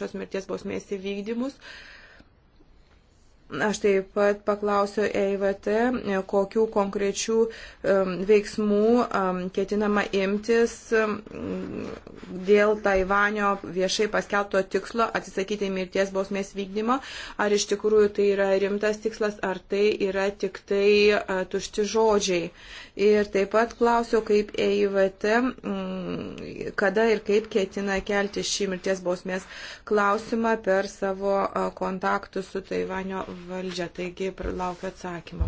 šios mirties bausmės įvykdymus. Uh, Aš taip pat paklausiu EIVT, kokių konkrečių veiksmų ketinama imtis dėl Taivanio viešai paskelbto tikslo atsisakyti mirties bausmės vykdymo. Ar iš tikrųjų tai yra rimtas tikslas, ar tai yra tik tai e, tušti žodžiai. Ir taip pat klausiu, kaip EIVT, kada ir kaip ketina kelti šį mirties bausmės klausimą per savo e, kontaktus su Taivanio valdžia, taigi laukiu atsakymą.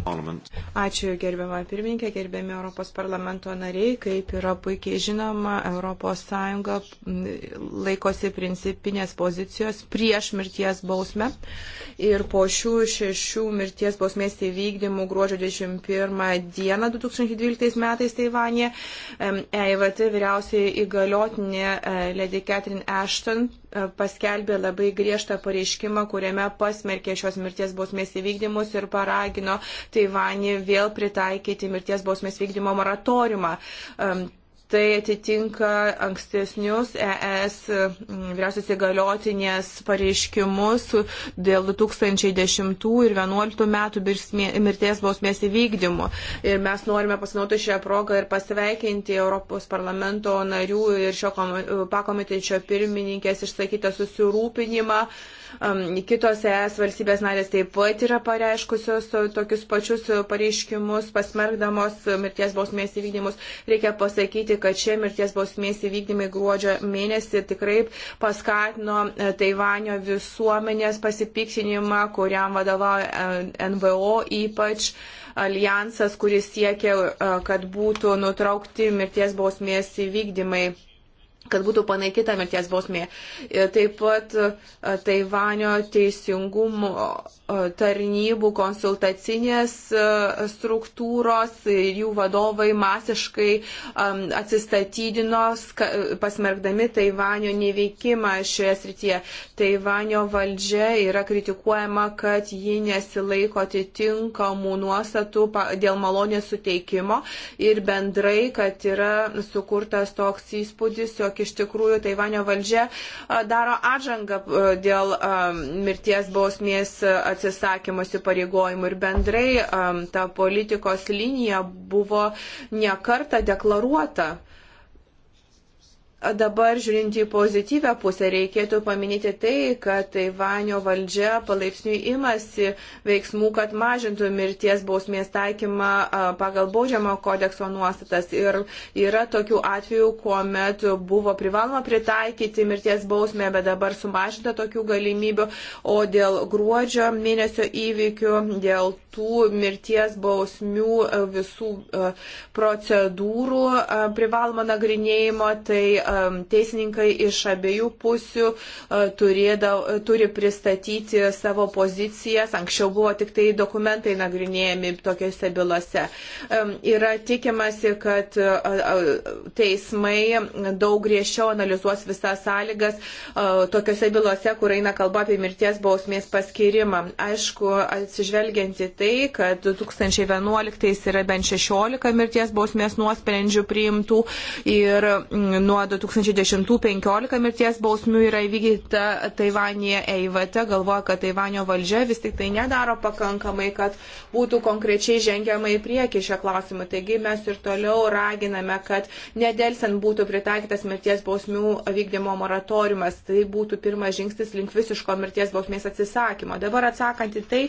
Ačiū gerbiamą pirmininkę, gerbiami Europos parlamento nariai. Kaip yra puikiai žinoma, ES laikosi principinės pozicijos prieš mirties bausmę. Ir po šių šešių mirties bausmės įvykdymų gruodžio 21 dieną 2012 metais Taivanė EIVT e vyriausiai įgaliotinė e, Lady Catherine Ashton E, paskelbė labai griežtą pareiškimą, kuriame pasmerkė šios mirties bausmės įvykdymus ir paragino Taivanį vėl pritaikyti mirties bausmės vykdymo moratoriumą. Tai atitinka ankstesnius ES mm, vyriausios įgaliotinės pareiškimus dėl 2010 ir 2011 metų mirties bausmės įvykdymų. Ir mes norime pasinauti šią progą ir pasveikinti Europos parlamento narių ir šio pakomitečio pirmininkės išsakytą susirūpinimą. Uh, Kitos ES valstybės narės taip pat yra pareiškusios tokius pačius pareiškimus, pasmergdamos mirties bausmės įvykdymus. Reikia pasakyti, kad šie mirties bausmės įvykdymai gruodžio mėnesį tikrai paskatino e, Taivanio visuomenės pasipiktinimą, kuriam vadovauja e, NVO ypač alijansas, kuris siekia, e, kad būtų nutraukti mirties bausmės įvykdymai kad būtų panaikyta mirties bausmė. E, taip pat e, Taivanio teisingumo e, tarnybų konsultacinės struktūros ir jų vadovai masiškai atsistatydino, pasmergdami Taivanio neveikimą šioje srityje. Taivanio valdžia yra kritikuojama, kad ji nesilaiko atitinkamų nuostatų dėl malonės suteikimo ir bendrai, kad yra sukurtas toks įspūdis, jog kiek iš tikrųjų Taivanio valdžia daro atžangą dėl mirties bausmės atsisakymo įsipareigojimų ir bendrai ta politikos linija buvo nekarta deklaruota. Dabar žiūrint į pozityvę pusę, reikėtų paminėti tai, kad Taivanio valdžia palaipsniui imasi veiksmų, kad mažintų mirties bausmės taikymą pagal baudžiamo kodekso nuostatas. Ir yra tokių atvejų, kuomet buvo privaloma pritaikyti mirties bausmę, bet dabar sumažinta tokių galimybių. O dėl gruodžio mėnesio įvykių, dėl tų mirties bausmių visų procedūrų privaloma nagrinėjimo, tai Um, teisininkai iš abiejų pusių uh, turėda, turi pristatyti savo pozicijas. Anksčiau buvo tik tai dokumentai nagrinėjami tokiuose bylose. Um, yra tikimasi, kad uh, uh, teismai daug griežčiau analizuos visas sąlygas tokiuose bylose, kur eina kalba apie mirties bausmės paskirimą. Aišku, atsižvelgianti tai, kad 2011 yra bent 16 mirties bausmės nuosprendžių priimtų ir mm, nuo 2000. 2010-15 mirties bausmių yra įvykdyta Taivanėje EIVT, galvoja, kad Taivanio valdžia vis tik tai nedaro pakankamai, kad būtų konkrečiai žengiama į priekį šią klausimą. Taigi mes ir toliau raginame, kad nedelsant būtų pritaikytas mirties bausmių vykdymo moratoriumas. Tai būtų pirmas žingsnis link visiško mirties bausmės atsisakymo. Dabar atsakant į tai,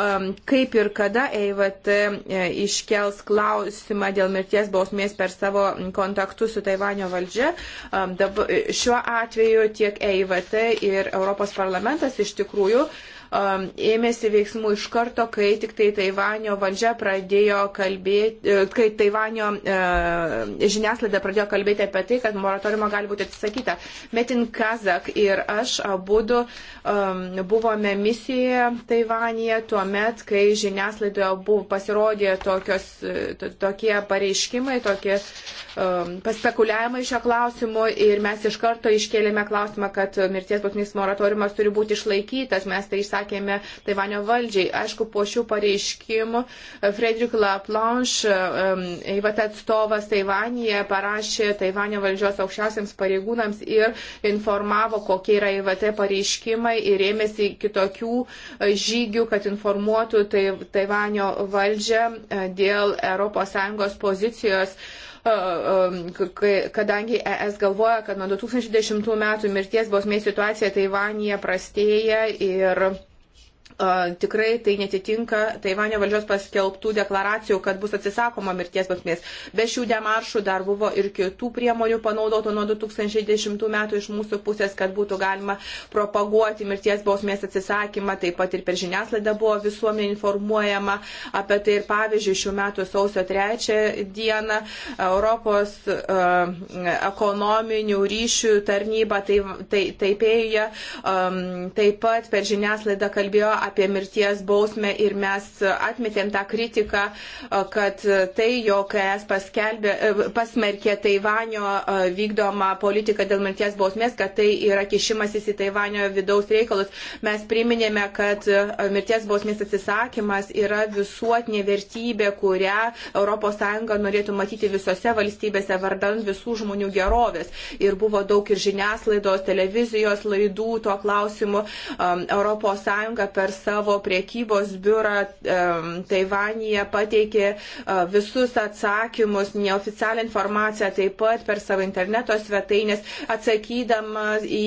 um, kaip ir kada EIVT e, iškels klausimą dėl mirties bausmės per savo kontaktus su Taivanio valdžia, Šiuo atveju tiek EIVT ir Europos parlamentas iš tikrųjų uh, um, ėmėsi veiksmų iš karto, kai tik tai Taivanio valdžia pradėjo kalbėti, e, kai Taivanio uh, e, žiniaslaida pradėjo kalbėti apie tai, kad moratoriumo gali būti atsisakyta. Metin Kazak ir aš abu du um, buvome misijoje Taivanėje tuo met, kai žiniaslaidoje buvo pasirodė tokios, e, to, tokie pareiškimai, tokie um, paspekuliavimai šio klausimu ir mes iš karto iškėlėme klausimą, kad mirties bausmės moratoriumas turi būti išlaikytas. Mes tai išsakėme sakėme Taivanio valdžiai. Aišku, po šių pareiškimų e, Frederik Laplanche, e, EIVT atstovas Taivanėje, parašė Taivanio valdžios aukščiausiams pareigūnams ir informavo, kokie yra EIVT pareiškimai ir ėmėsi kitokių e, žygių, kad informuotų tai, Taivanio valdžią dėl ES pozicijos kadangi ES galvoja, kad nuo 2010 metų mirties bausmės situacija Taivanėje prastėja ir tikrai tai netitinka Taivanio valdžios paskelbtų deklaracijų, kad bus atsisakoma mirties bausmės. Be šių demaršų dar buvo ir kitų priemonių panaudotų nuo 2010 metų iš mūsų pusės, kad būtų galima propaguoti mirties bausmės atsisakymą, taip pat ir per žiniaslaidą buvo visuomenė informuojama apie tai ir pavyzdžiui šių metų sausio 3 dieną Europos uh, ekonominių ryšių tarnyba tai, tai, Taipėjuje um, taip pat per žiniaslaidą kalbėjo apie mirties bausmę ir mes atmetėm tą kritiką, kad tai, jog es paskelbė, e, pasmerkė Taivanio vykdomą politiką dėl mirties bausmės, kad tai yra kišimasis į Taivanio vidaus reikalus. Mes priminėme, kad mirties bausmės atsisakymas yra visuotinė vertybė, kurią ES norėtų matyti visose valstybėse vardant visų žmonių gerovės. Ir buvo daug ir žiniasklaidos, televizijos laidų tuo klausimu. ES per savo priekybos biurą Taivanyje, pateikė e, visus atsakymus, neoficialią informaciją taip pat per savo interneto svetainės, atsakydamas į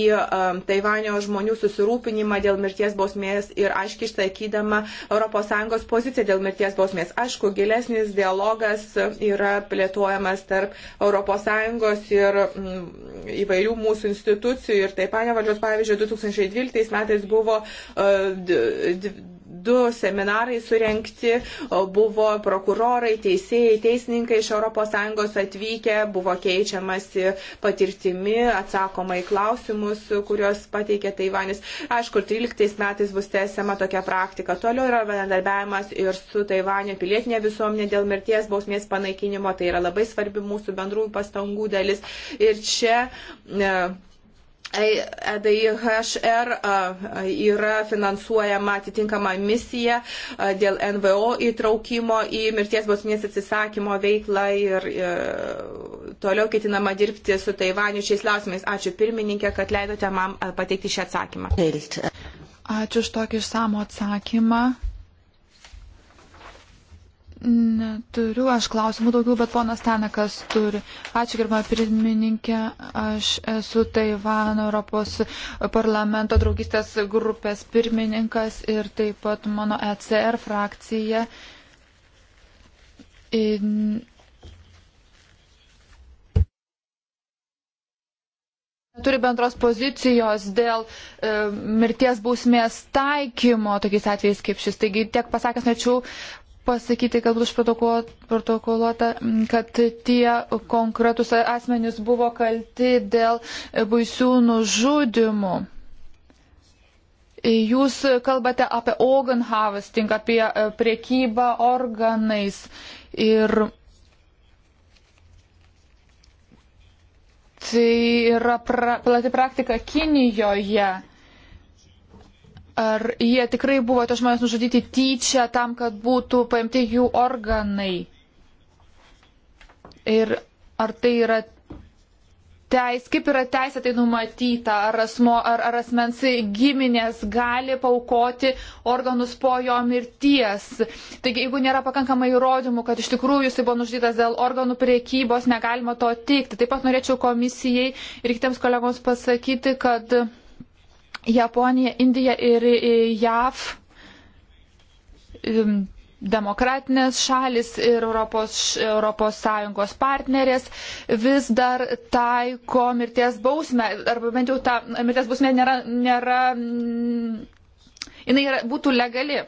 Taivanio žmonių susirūpinimą dėl mirties bausmės ir aiškiai išsakydama ES poziciją dėl mirties bausmės. Aišku, gilesnis dialogas yra plėtojamas tarp ES ir įvairių mūsų institucijų ir Taivanio valdžios, pavyzdžiui, 2012 metais buvo e, du seminarai surenkti, buvo prokurorai, teisėjai, teisininkai iš ES atvykę, buvo keičiamasi patirtimi, atsakoma į klausimus, kuriuos pateikė Taivanis. Aišku, 13 metais bus tęsiama tokia praktika. Toliau yra bendarbiavimas ir su Taivanio pilietinė visuomenė dėl mirties bausmės panaikinimo. Tai yra labai svarbi mūsų bendrųjų pastangų dalis. Ir čia. Ne, EDIHR yra finansuojama atitinkama misija dėl NVO įtraukimo į mirties bausmės atsisakymo veiklą ir e, toliau ketinama dirbti su Taivaniu šiais klausimais. Ačiū pirmininkė, kad leidote man pateikti šią atsakymą. Ačiū už tokį išsamų atsakymą. Neturiu aš klausimų daugiau, bet ponas Tenakas turi. Ačiū, gerbama pirmininkė. Aš esu Taivano Europos parlamento draugystės grupės pirmininkas ir taip pat mano ECR frakcija. In... Turi bendros pozicijos dėl e, mirties bausmės taikymo tokiais atvejais kaip šis. Taigi tiek pasakęs, norėčiau pasakyti, kad bus protokoluota, kad tie konkretus asmenys buvo kalti dėl baisių nužudimų. Jūs kalbate apie organ harvesting, apie e, priekybą organais ir tai yra pra, plati praktika Kinijoje. Ar jie tikrai buvo tie žmonės nužudyti tyčia tam, kad būtų paimti jų organai? Ir ar tai yra teis, kaip yra teisė tai numatyta, ar, asmo, ar, ar asmens giminės gali paukoti organus po jo mirties. Taigi, jeigu nėra pakankamai įrodymų, kad iš tikrųjų jisai buvo nužudytas dėl organų priekybos, negalima to teikti. Taip pat norėčiau komisijai ir kitiems kolegoms pasakyti, kad Japonija, Indija ir e, JAV demokratinės šalis ir Europos, Europos Sąjungos partnerės vis dar taiko mirties bausmę, arba bent jau ta mirties bausmė nėra, nėra jinai yra, būtų legali.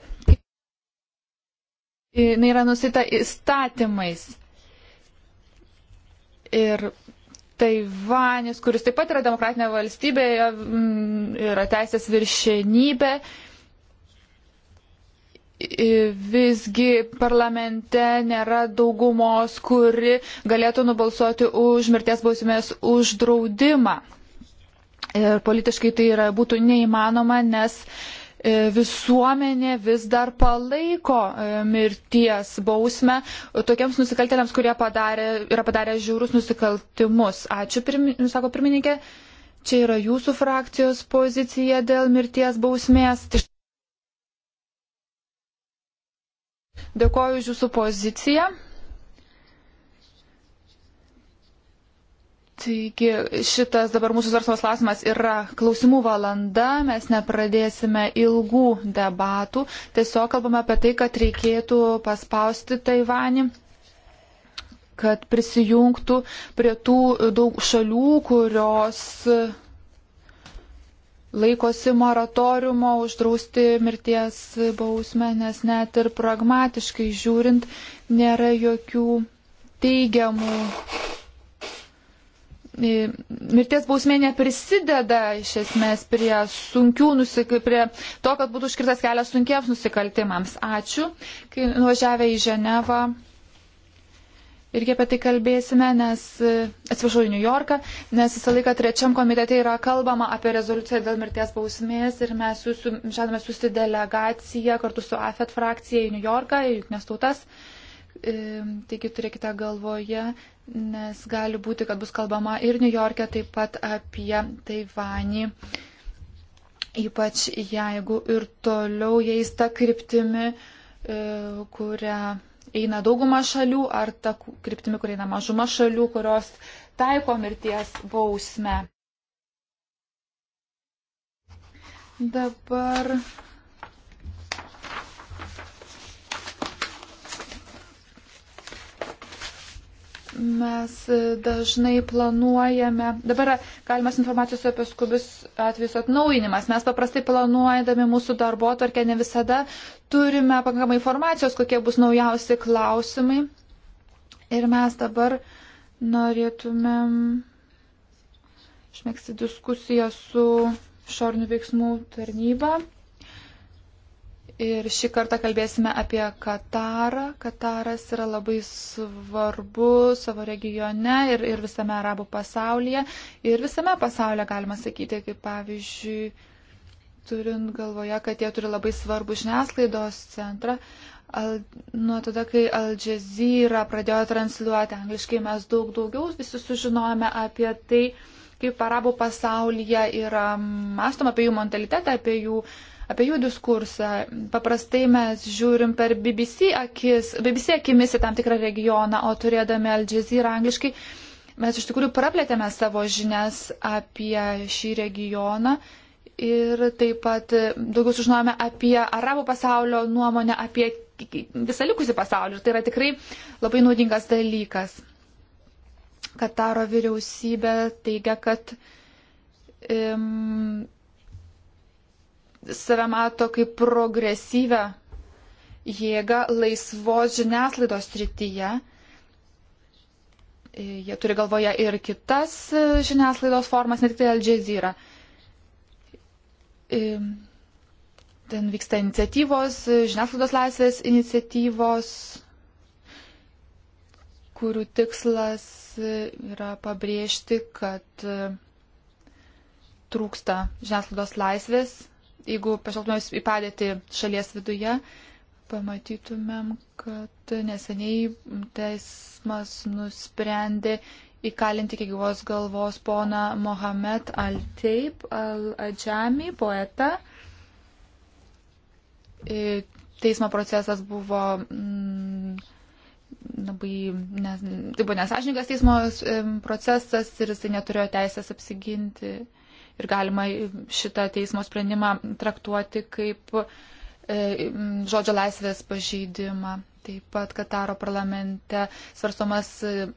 Jinai yra nusita įstatymais. Ir Taivanis, kuris taip pat yra demokratinė valstybė, mm, yra teisės viršenybė. Visgi parlamente nėra daugumos, kuri galėtų nubalsuoti už mirties bausmės uždraudimą. Ir politiškai tai yra, būtų neįmanoma, nes uh, E, visuomenė vis dar palaiko e, mirties bausmę tokiems nusikaltėliams, kurie padarė, yra padarę žiaurus nusikaltimus. Ačiū, pirmi, sako pirmininkė, čia yra jūsų frakcijos pozicija dėl mirties bausmės. Dėkoju už jūsų poziciją. Taigi šitas dabar mūsų svarstamas klausimas yra klausimų valanda, mes nepradėsime ilgų debatų, tiesiog kalbame apie tai, kad reikėtų paspausti Taivanį kad prisijungtų prie tų daug šalių, kurios laikosi moratoriumo uždrausti mirties bausmę, nes net ir pragmatiškai žiūrint nėra jokių teigiamų mirties bausmė neprisideda iš esmės prie sunkių nusikaltimų, prie to, kad būtų užkirtas kelias sunkiems nusikaltimams. Ačiū, kai nuvažiavę į Ženevą. Irgi apie tai kalbėsime, nes, atsiprašau, į New Yorką, nes visą laiką trečiam komitete yra kalbama apie rezoliuciją dėl mirties bausmės ir mes jūsų, žadame siūsti delegaciją kartu su AFET frakcija į New Yorką, į Junknes tautas. Ehm, taigi turėkite galvoje, nes gali būti, kad bus kalbama ir New York'e taip pat apie Taivanį, ypač jeigu ir toliau jais ta kryptimi, e, kurią eina dauguma šalių, ar ta kryptimi, kur eina mažuma šalių, kurios taiko mirties bausmę. Dabar Mes e, dažnai planuojame, dabar galimas informacijos apie skubius atvejus atnaujinimas. Mes paprastai planuojami mūsų darbo atvarkę ne visada turime pakankamai informacijos, kokie bus naujausi klausimai. Ir mes dabar norėtumėm išmėgsti diskusiją su šornių veiksmų tarnyba Ir šį kartą kalbėsime apie Katarą. Kataras yra labai svarbu savo regione ir, ir visame arabų pasaulyje. Ir visame pasaulyje galima sakyti, kaip pavyzdžiui, turint galvoje, kad jie turi labai svarbų žiniasklaidos centrą. Al, nuo tada, kai Al Jazeera pradėjo transliuoti angliškai, mes daug daugiau visi sužinojame apie tai, kaip arabų pasaulyje yra mąstoma apie jų mentalitetą, apie jų uh, apie jų diskursą. Paprastai mes žiūrim per BBC, akis, BBC akimis į tam tikrą regioną, o turėdami Al Jazeera angliškai, mes iš tikrųjų praplėtėme savo žinias apie šį regioną ir taip pat daugiau sužinojome apie arabų pasaulio nuomonę, apie visą likusį pasaulį. Ir tai yra tikrai labai naudingas dalykas. Kataro vyriausybė teigia, kad um, save mato kaip progresyvę jėgą laisvos žiniaslaidos srityje. Jie turi galvoje ir kitas žiniaslaidos formas, ne tik tai Al Jazeera. E, ten vyksta iniciatyvos, žiniasklaidos laisvės iniciatyvos, kurių tikslas yra pabrėžti, kad trūksta žiniasklaidos laisvės jeigu pažvelgtumėm į padėtį šalies viduje, pamatytumėm, kad neseniai teismas nusprendė įkalinti iki gyvos galvos poną Mohamed Al-Teib Al-Adžami, poetą. E, teismo procesas buvo mm, labai, nes, tai buvo nesažininkas teismo procesas ir jisai neturėjo teisės apsiginti ir galima šitą teismo sprendimą traktuoti kaip e, žodžio laisvės pažeidimą. Taip pat Kataro parlamente svarstomas e,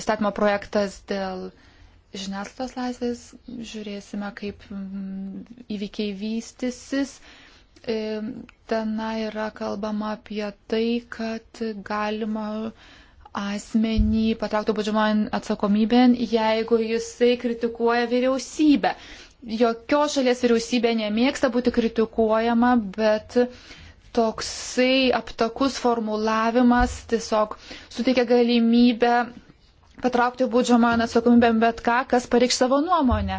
įstatymo projektas dėl žiniasklaidos laisvės. Žiūrėsime, kaip mm, įvykiai vystysis. E, Ten yra kalbama apie tai, kad galima asmenį patrauktų baudžiamojan atsakomybėn, jeigu jisai kritikuoja vyriausybę. Jokios šalies vyriausybė nemėgsta būti kritikuojama, bet toksai aptakus formulavimas tiesiog suteikia galimybę patraukti baudžiamojan atsakomybėn bet ką, kas pareikš savo nuomonę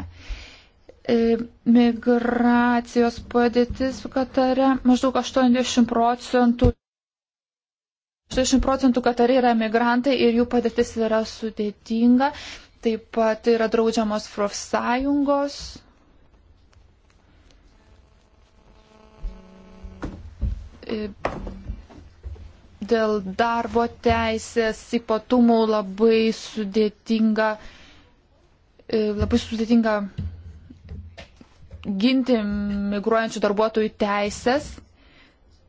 e, migracijos padėtis Katare maždaug 80 procentų 60 procentų katariai yra migrantai ir jų padėtis yra sudėtinga. Taip pat yra draudžiamos profsąjungos. E, dėl darbo teisės ypatumų labai sudėtinga, e, labai sudėtinga ginti migruojančių darbuotojų teisės.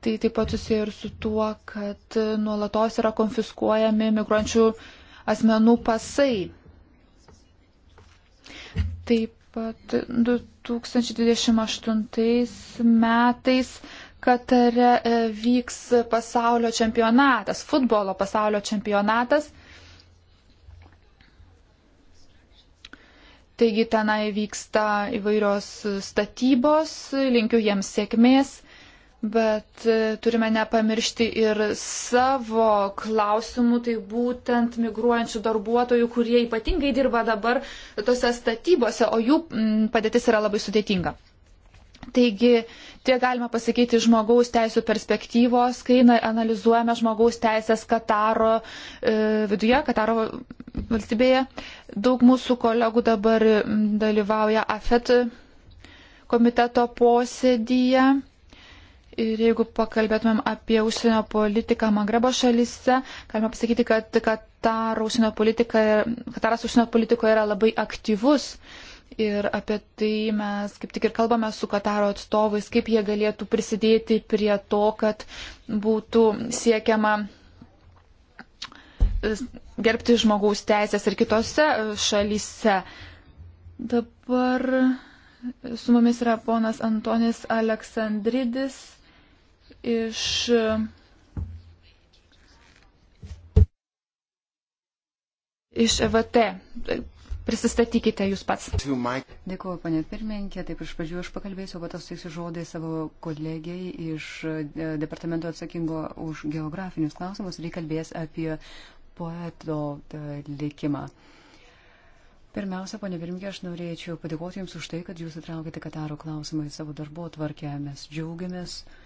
Tai taip pat susiję ir su tuo, kad nuolatos yra konfiskuojami migrančių asmenų pasai. Taip pat 2028 metais Katare e, vyks pasaulio čempionatas, futbolo pasaulio čempionatas. Taigi tenai vyksta įvairios statybos, linkiu jiems sėkmės. Bet e, turime nepamiršti ir savo klausimų, tai būtent migruojančių darbuotojų, kurie ypatingai dirba dabar tose statybose, o jų padėtis yra labai sudėtinga. Taigi, tie galima pasakyti žmogaus teisų perspektyvos, kai analizuojame žmogaus teisės Kataro e, viduje, Kataro valstybėje. Daug mūsų kolegų dabar dalyvauja AFET komiteto posėdyje Ir jeigu pakalbėtumėm apie užsienio politiką Magrebo šalyse, galima pasakyti, kad Kataro užsienio politika, Kataras užsienio politikoje yra labai aktyvus. Ir apie tai mes kaip tik ir kalbame su Kataro atstovais, kaip jie galėtų prisidėti prie to, kad būtų siekiama gerbti žmogaus teisės ir kitose šalyse. Dabar su mumis yra ponas Antonis Aleksandridis iš iš EVT. Prisistatykite jūs pats. Dėkuoju, panė pirmininkė. Taip, iš pradžių aš pakalbėsiu, o tas teiksiu žodį savo kolegijai iš e, departamento atsakingo už geografinius klausimus ir kalbės apie poeto e, likimą. Pirmiausia, panė pirmininkė, aš norėčiau padėkoti Jums už tai, kad Jūs atraukite Kataro klausimą į savo darbo tvarkę. Mes džiaugiamės. Uh,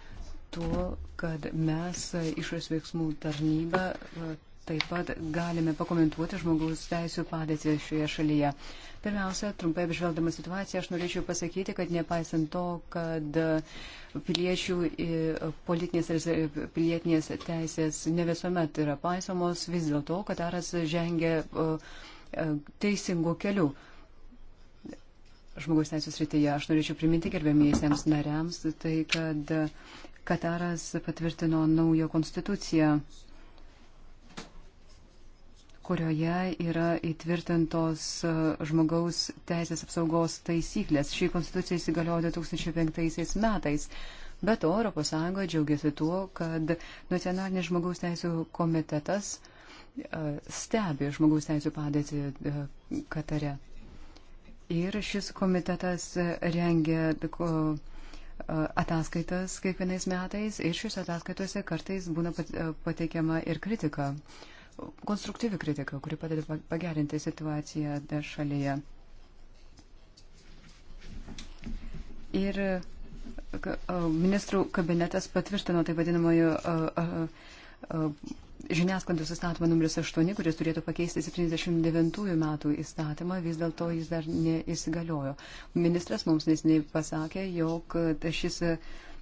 tuo, kad mes e, išorės veiksmų tarnybą e, taip pat galime pakomentuoti žmogaus teisų padėtį šioje šalyje. Pirmiausia, trumpai apžvelgdama situaciją, aš norėčiau pasakyti, kad nepaisant to, kad e, piliečių politinės ir pilietinės teisės ne visuomet yra paisomos, vis dėlto Kataras žengia teisingų kelių. Žmogaus teisės rytyje aš norėčiau priminti gerbėmiesiems nariams, tai kad Kataras patvirtino naują konstituciją, kurioje yra įtvirtintos žmogaus teisės apsaugos taisyklės. Ši konstitucija įsigaliojo 2005 metais. Be to, ES džiaugiasi tuo, kad nacionalinis žmogaus teisų komitetas e, stebi žmogaus teisų padėtį e, Katare. Ir šis komitetas e, rengia ataskaitas kiekvienais metais ir šiuose ataskaitose kartais būna e, pateikiama ir kritika, konstruktyvi kritika, kuri padeda pagerinti situaciją šalyje. Ir e, ministrų kabinetas patvirtino tai vadinamojo e, žiniasklaidos įstatymą numeris 8, kuris turėtų pakeisti 79 metų įstatymą, vis dėlto jis dar neįsigaliojo. Ministras mums nesiniai pasakė, jog šis e,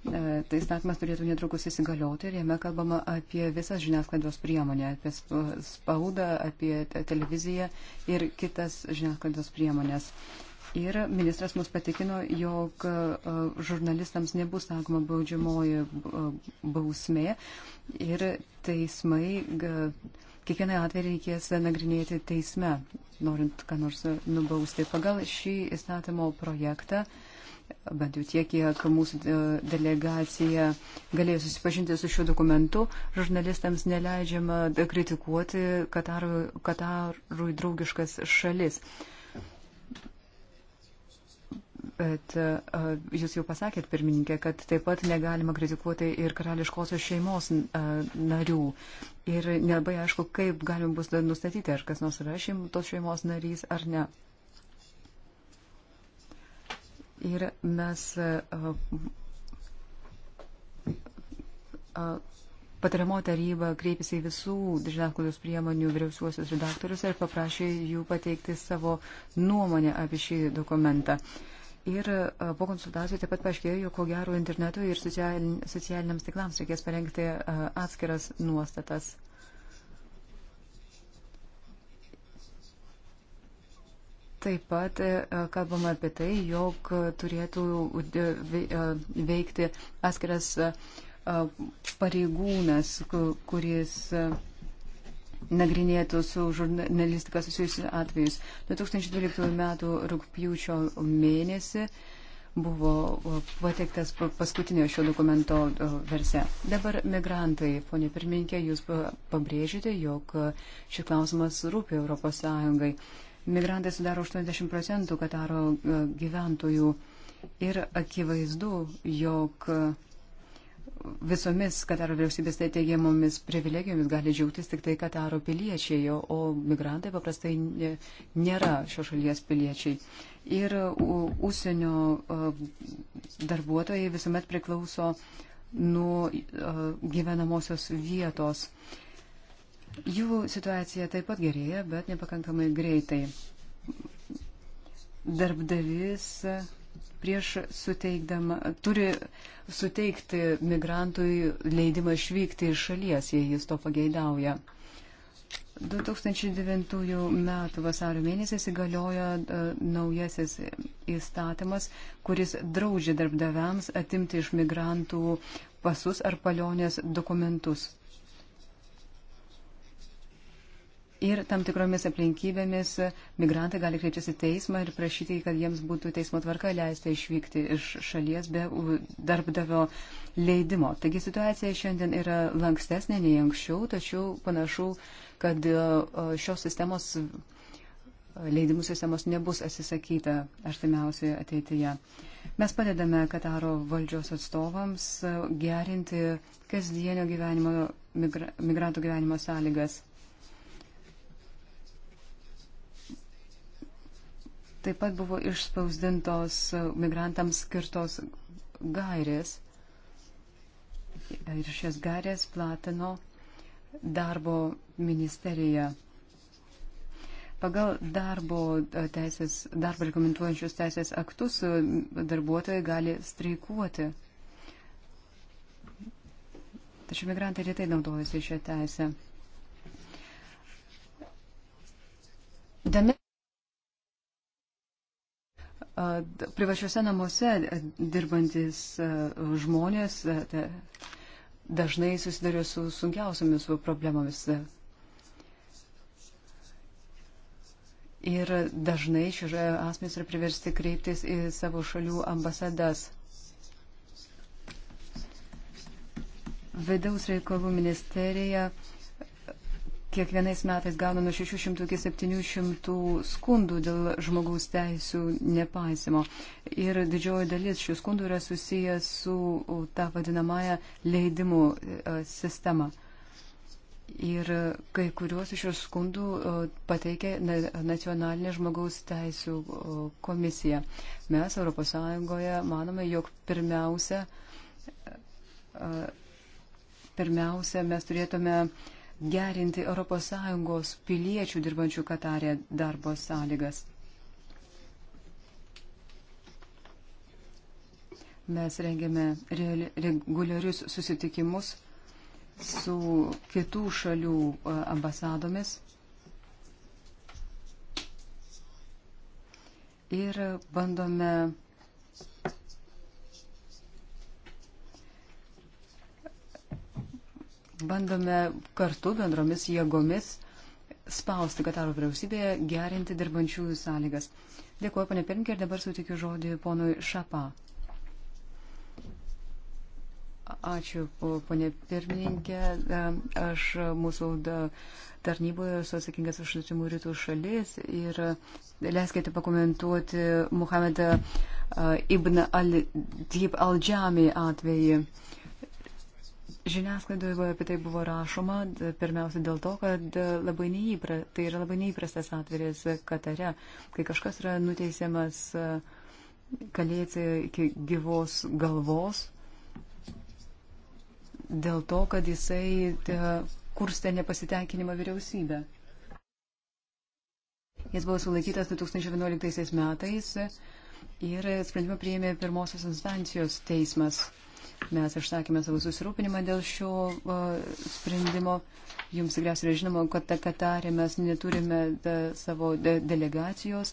tai įstatymas turėtų netrukus įsigalioti ir jame kalbama apie visas žiniasklaidos priemonę, apie spaudą, apie televiziją ir kitas žiniasklaidos priemonės. Ir ministras mus patikino, jog e, žurnalistams nebus sakoma baudžiamoji e, bausmė ir teismai, kiekvieną atvejį reikės nagrinėti teisme, norint ką nors nubausti. Pagal šį įstatymo projektą, bent jau tiek, kiek mūsų e, delegacija galėjo susipažinti su šiuo dokumentu, žurnalistams neleidžiama kritikuoti Katarui, Katarui draugiškas šalis. Bet uh, jūs jau pasakėt, pirmininkė, kad taip pat negalima kritikuoti ir karališkosios šeimos uh, narių. Ir nelabai aišku, kaip galima bus nustatyti, ar kas nors yra šeim, tos šeimos narys ar ne. Ir mes. Uh, uh, Patariamo taryba kreipėsi į visų žiniasklaidos priemonių vyriausiuosius redaktorius ir paprašė jų pateikti savo nuomonę apie šį dokumentą. Uh, Ir e, po konsultacijų taip pat paaiškėjo, jog ko gero internetui ir socialiniams tiklams reikės parengti e, atskiras nuostatas. Taip pat e, kalbama apie tai, jog turėtų veikti atskiras pareigūnas, kuris nagrinėtus su žurnalistika susijusius atvejus. 2012 m. rūpjūčio mėnesį buvo pateiktas paskutinio šio dokumento verse. Dabar migrantai, ponė pirmininkė, jūs pabrėžite, jog šis klausimas rūpi ES. Migrantai sudaro 80 procentų Kataro e, gyventojų ir akivaizdu, jog visomis Kataro vyriausybės teigiamomis privilegijomis gali džiaugtis tik tai Kataro piliečiai, o migrantai paprastai nėra šios šalies piliečiai. Ir užsienio e, darbuotojai visuomet priklauso nuo e, gyvenamosios vietos. Jų situacija taip pat gerėja, bet nepakankamai greitai. Darbdavys prieš suteikdama, turi suteikti migrantui leidimą išvykti iš šalies, jei jis to pageidauja. 2009 m. vasario mėnesį įgaliojo e, naujasis įstatymas, kuris draudžia darbdaviams atimti iš migrantų pasus ar palionės dokumentus. Ir tam tikromis aplinkybėmis migrantai gali kreiptis į teismą ir prašyti, kad jiems būtų teismo tvarka leista išvykti iš šalies be darbdavio leidimo. Taigi situacija šiandien yra lankstesnė nei anksčiau, tačiau panašu, kad e, šios sistemos, e, leidimų sistemos nebus atsisakyta artimiausioje ateityje. Mes padedame Kataro valdžios atstovams e, gerinti kasdienio gyvenimo, migra, migrantų gyvenimo sąlygas. Taip pat buvo išspausdintos migrantams skirtos gairės. Ir šias gairės platino darbo ministerija. Pagal darbo, e, teisės, darbo rekomenduojančius teisės aktus e, darbuotojai gali streikuoti. Tačiau migrantai retai naudojasi šią teisę. Dami privačiuose namuose dirbantis žmonės dažnai susiduria su sunkiausiamis problemomis. Ir dažnai šie asmenys yra priversti kreiptis į savo šalių ambasadas. Vidaus reikalų ministerija uh, kiekvienais metais gauna nuo 600 iki 700 skundų dėl žmogaus teisų nepaisimo. Ir didžioji dalis šių skundų yra susijęs su tą vadinamąją leidimų e, sistemą. Ir kai kuriuos iš šios skundų e, pateikė nacionalinė žmogaus teisų e, komisija. Mes ES manome, jog pirmiausia, pirmiausia mes turėtume uh, gerinti ES piliečių dirbančių Katarė darbo sąlygas. Mes rengiame reguliarius susitikimus su kitų šalių ambasadomis ir bandome bandome kartu bendromis jėgomis spausti Kataro vyriausybėje gerinti dirbančiųjų sąlygas. Dėkuoju, ponė Pirmkė, ir dabar sutikiu žodį ponui Šapa. Ačiū, ponė pirmininkė. E, aš mūsų tarnyboje esu atsakingas už Latimų rytų šalis ir leiskite pakomentuoti Muhamedą e, Ibn al-Dib al-Džami atvejį. Žiniasklaidoje apie tai buvo rašoma, pirmiausia dėl to, kad labai neįpra, tai yra labai neįprastas atveris Katare, kai kažkas yra nuteisiamas e, kalėti iki gyvos galvos dėl to, kad jisai kurstė nepasitenkinimą vyriausybę. Jis buvo sulaikytas 2011 metais ir sprendimą priėmė pirmosios instancijos teismas. Mes išsakėme savo susirūpinimą dėl šio uh, sprendimo. Jums tikriausiai yra žinoma, kad Katarė mes neturime da, savo de, delegacijos.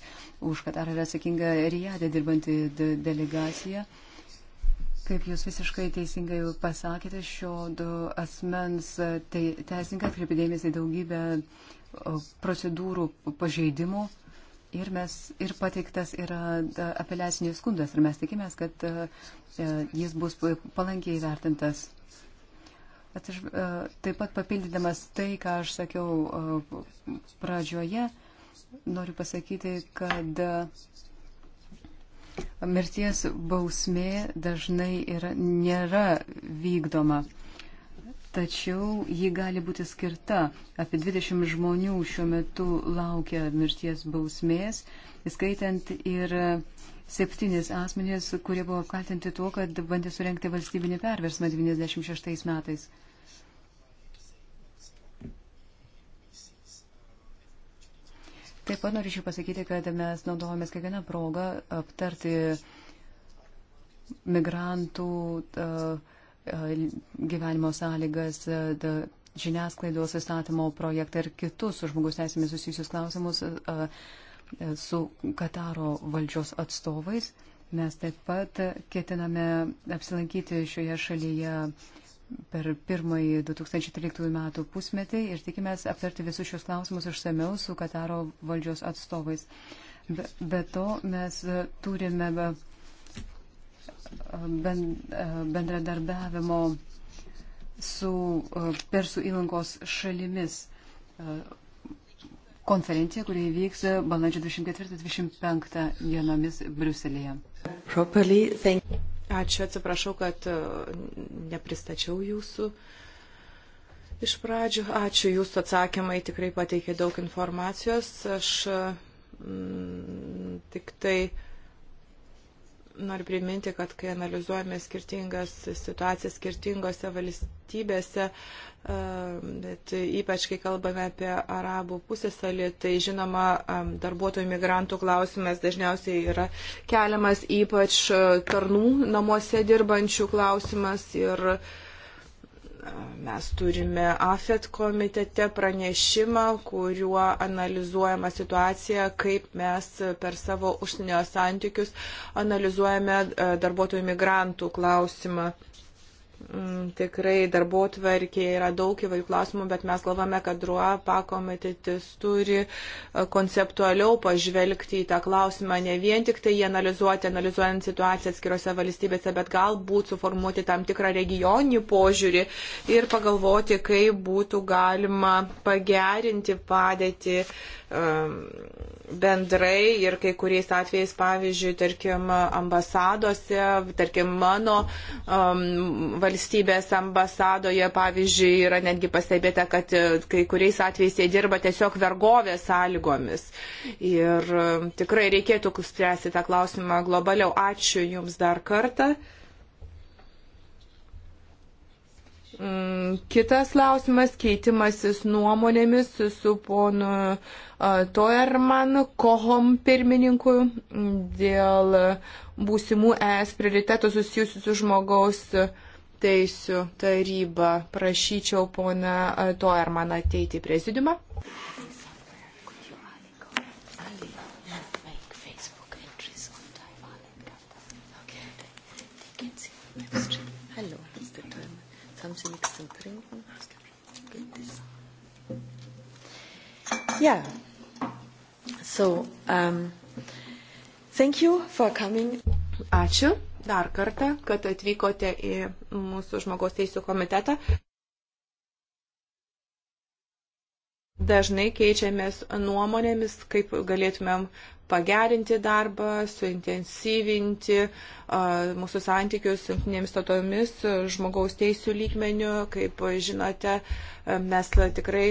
Už Katarą yra atsakinga Rijadė dirbanti de, delegacija. Kaip jūs visiškai teisingai pasakėte, šio du asmens te, teisininkai atkreipė dėmesį daugybę procedūrų pažeidimų. Uh, Ir, mes, ir pateiktas yra apeliacinis skundas ir mes tikimės, kad e, e, jis bus palankiai vertintas. Atsiž, e, taip pat papildydamas tai, ką aš sakiau pradžioje, noriu pasakyti, kad mirties bausmė dažnai yra, nėra vykdoma tačiau ji gali būti skirta. Apie 20 žmonių šiuo metu laukia mirties bausmės, įskaitant ir septynis asmenys, kurie buvo apkaltinti tuo, kad bandė surenkti valstybinį perversmą 96 metais. Taip pat norėčiau pasakyti, kad mes naudojame kiekvieną progą aptarti migrantų uh, E, gyvenimo sąlygas, e, žiniasklaidos įstatymo projektą ir kitus su žmogus teisėmis susijusius klausimus e, su Kataro valdžios atstovais. Mes taip pat ketiname apsilankyti šioje šalyje per pirmąjį 2013 metų pusmetį ir tikimės aptarti visus šios klausimus išsameu su Kataro valdžios atstovais. Be, be to mes turime E, bendradarbiavimo su e, Persų įlankos šalimis e, konferencija, kurie vyks balandžio 24-25 dienomis Briuselėje. Properly, Ačiū, atsiprašau, kad nepristačiau jūsų. Iš pradžių, ačiū, jūsų atsakymai tikrai pateikė daug informacijos. Aš m, mm, tik tai uh, noriu priminti, kad kai analizuojame skirtingas situacijas skirtingose valstybėse, ehm, bet ypač kai kalbame apie arabų pusėsalį, tai žinoma, ehm, darbuotojų migrantų klausimas dažniausiai yra keliamas, ypač e, tarnų namuose dirbančių klausimas. Ir, uh, Mes turime AFET komitete pranešimą, kuriuo analizuojama situacija, kaip mes per savo užsienio santykius analizuojame e, darbuotojų migrantų klausimą Mm, tikrai darbo tvarkė yra daug įvairių klausimų, bet mes galvame, kad druo pakomitetis turi e, konceptualiau pažvelgti į tą klausimą, ne vien tik tai jį analizuoti, analizuojant situaciją atskirose valstybėse, bet galbūt suformuoti tam tikrą regioninį požiūrį ir pagalvoti, kaip būtų galima pagerinti padėtį e, bendrai ir kai kuriais atvejais, pavyzdžiui, tarkim, ambasadose, tarkim, mano um, valstybėse, valstybės ambasadoje, pavyzdžiui, yra netgi pastebėta, kad e, kai kuriais atvejais jie dirba tiesiog vergovės sąlygomis. Ir e, tikrai reikėtų spręsti tą klausimą globaliau. Ačiū Jums dar kartą. Mm, kitas klausimas - keitimasis nuomonėmis su ponu e, Toerman, Kohom pirmininku, dėl būsimų ES prioritetų susijusių su žmogaus uh, teisų taryba. Prašyčiau poną Toermaną ateiti į prezidiumą. Hallo, Mr. Teumann. Jetzt haben Sie nichts zum Trinken. Gibt es? Ja. So, um, thank you for coming. Ačiū dar kartą, kad atvykote į mūsų žmogaus teisų komitetą. Dažnai keičiamės nuomonėmis, kaip galėtumėm pagerinti darbą, suintensyvinti mūsų santykius su jungtinėmis tautomis žmogaus teisų lygmenių. Kaip žinote, mes tikrai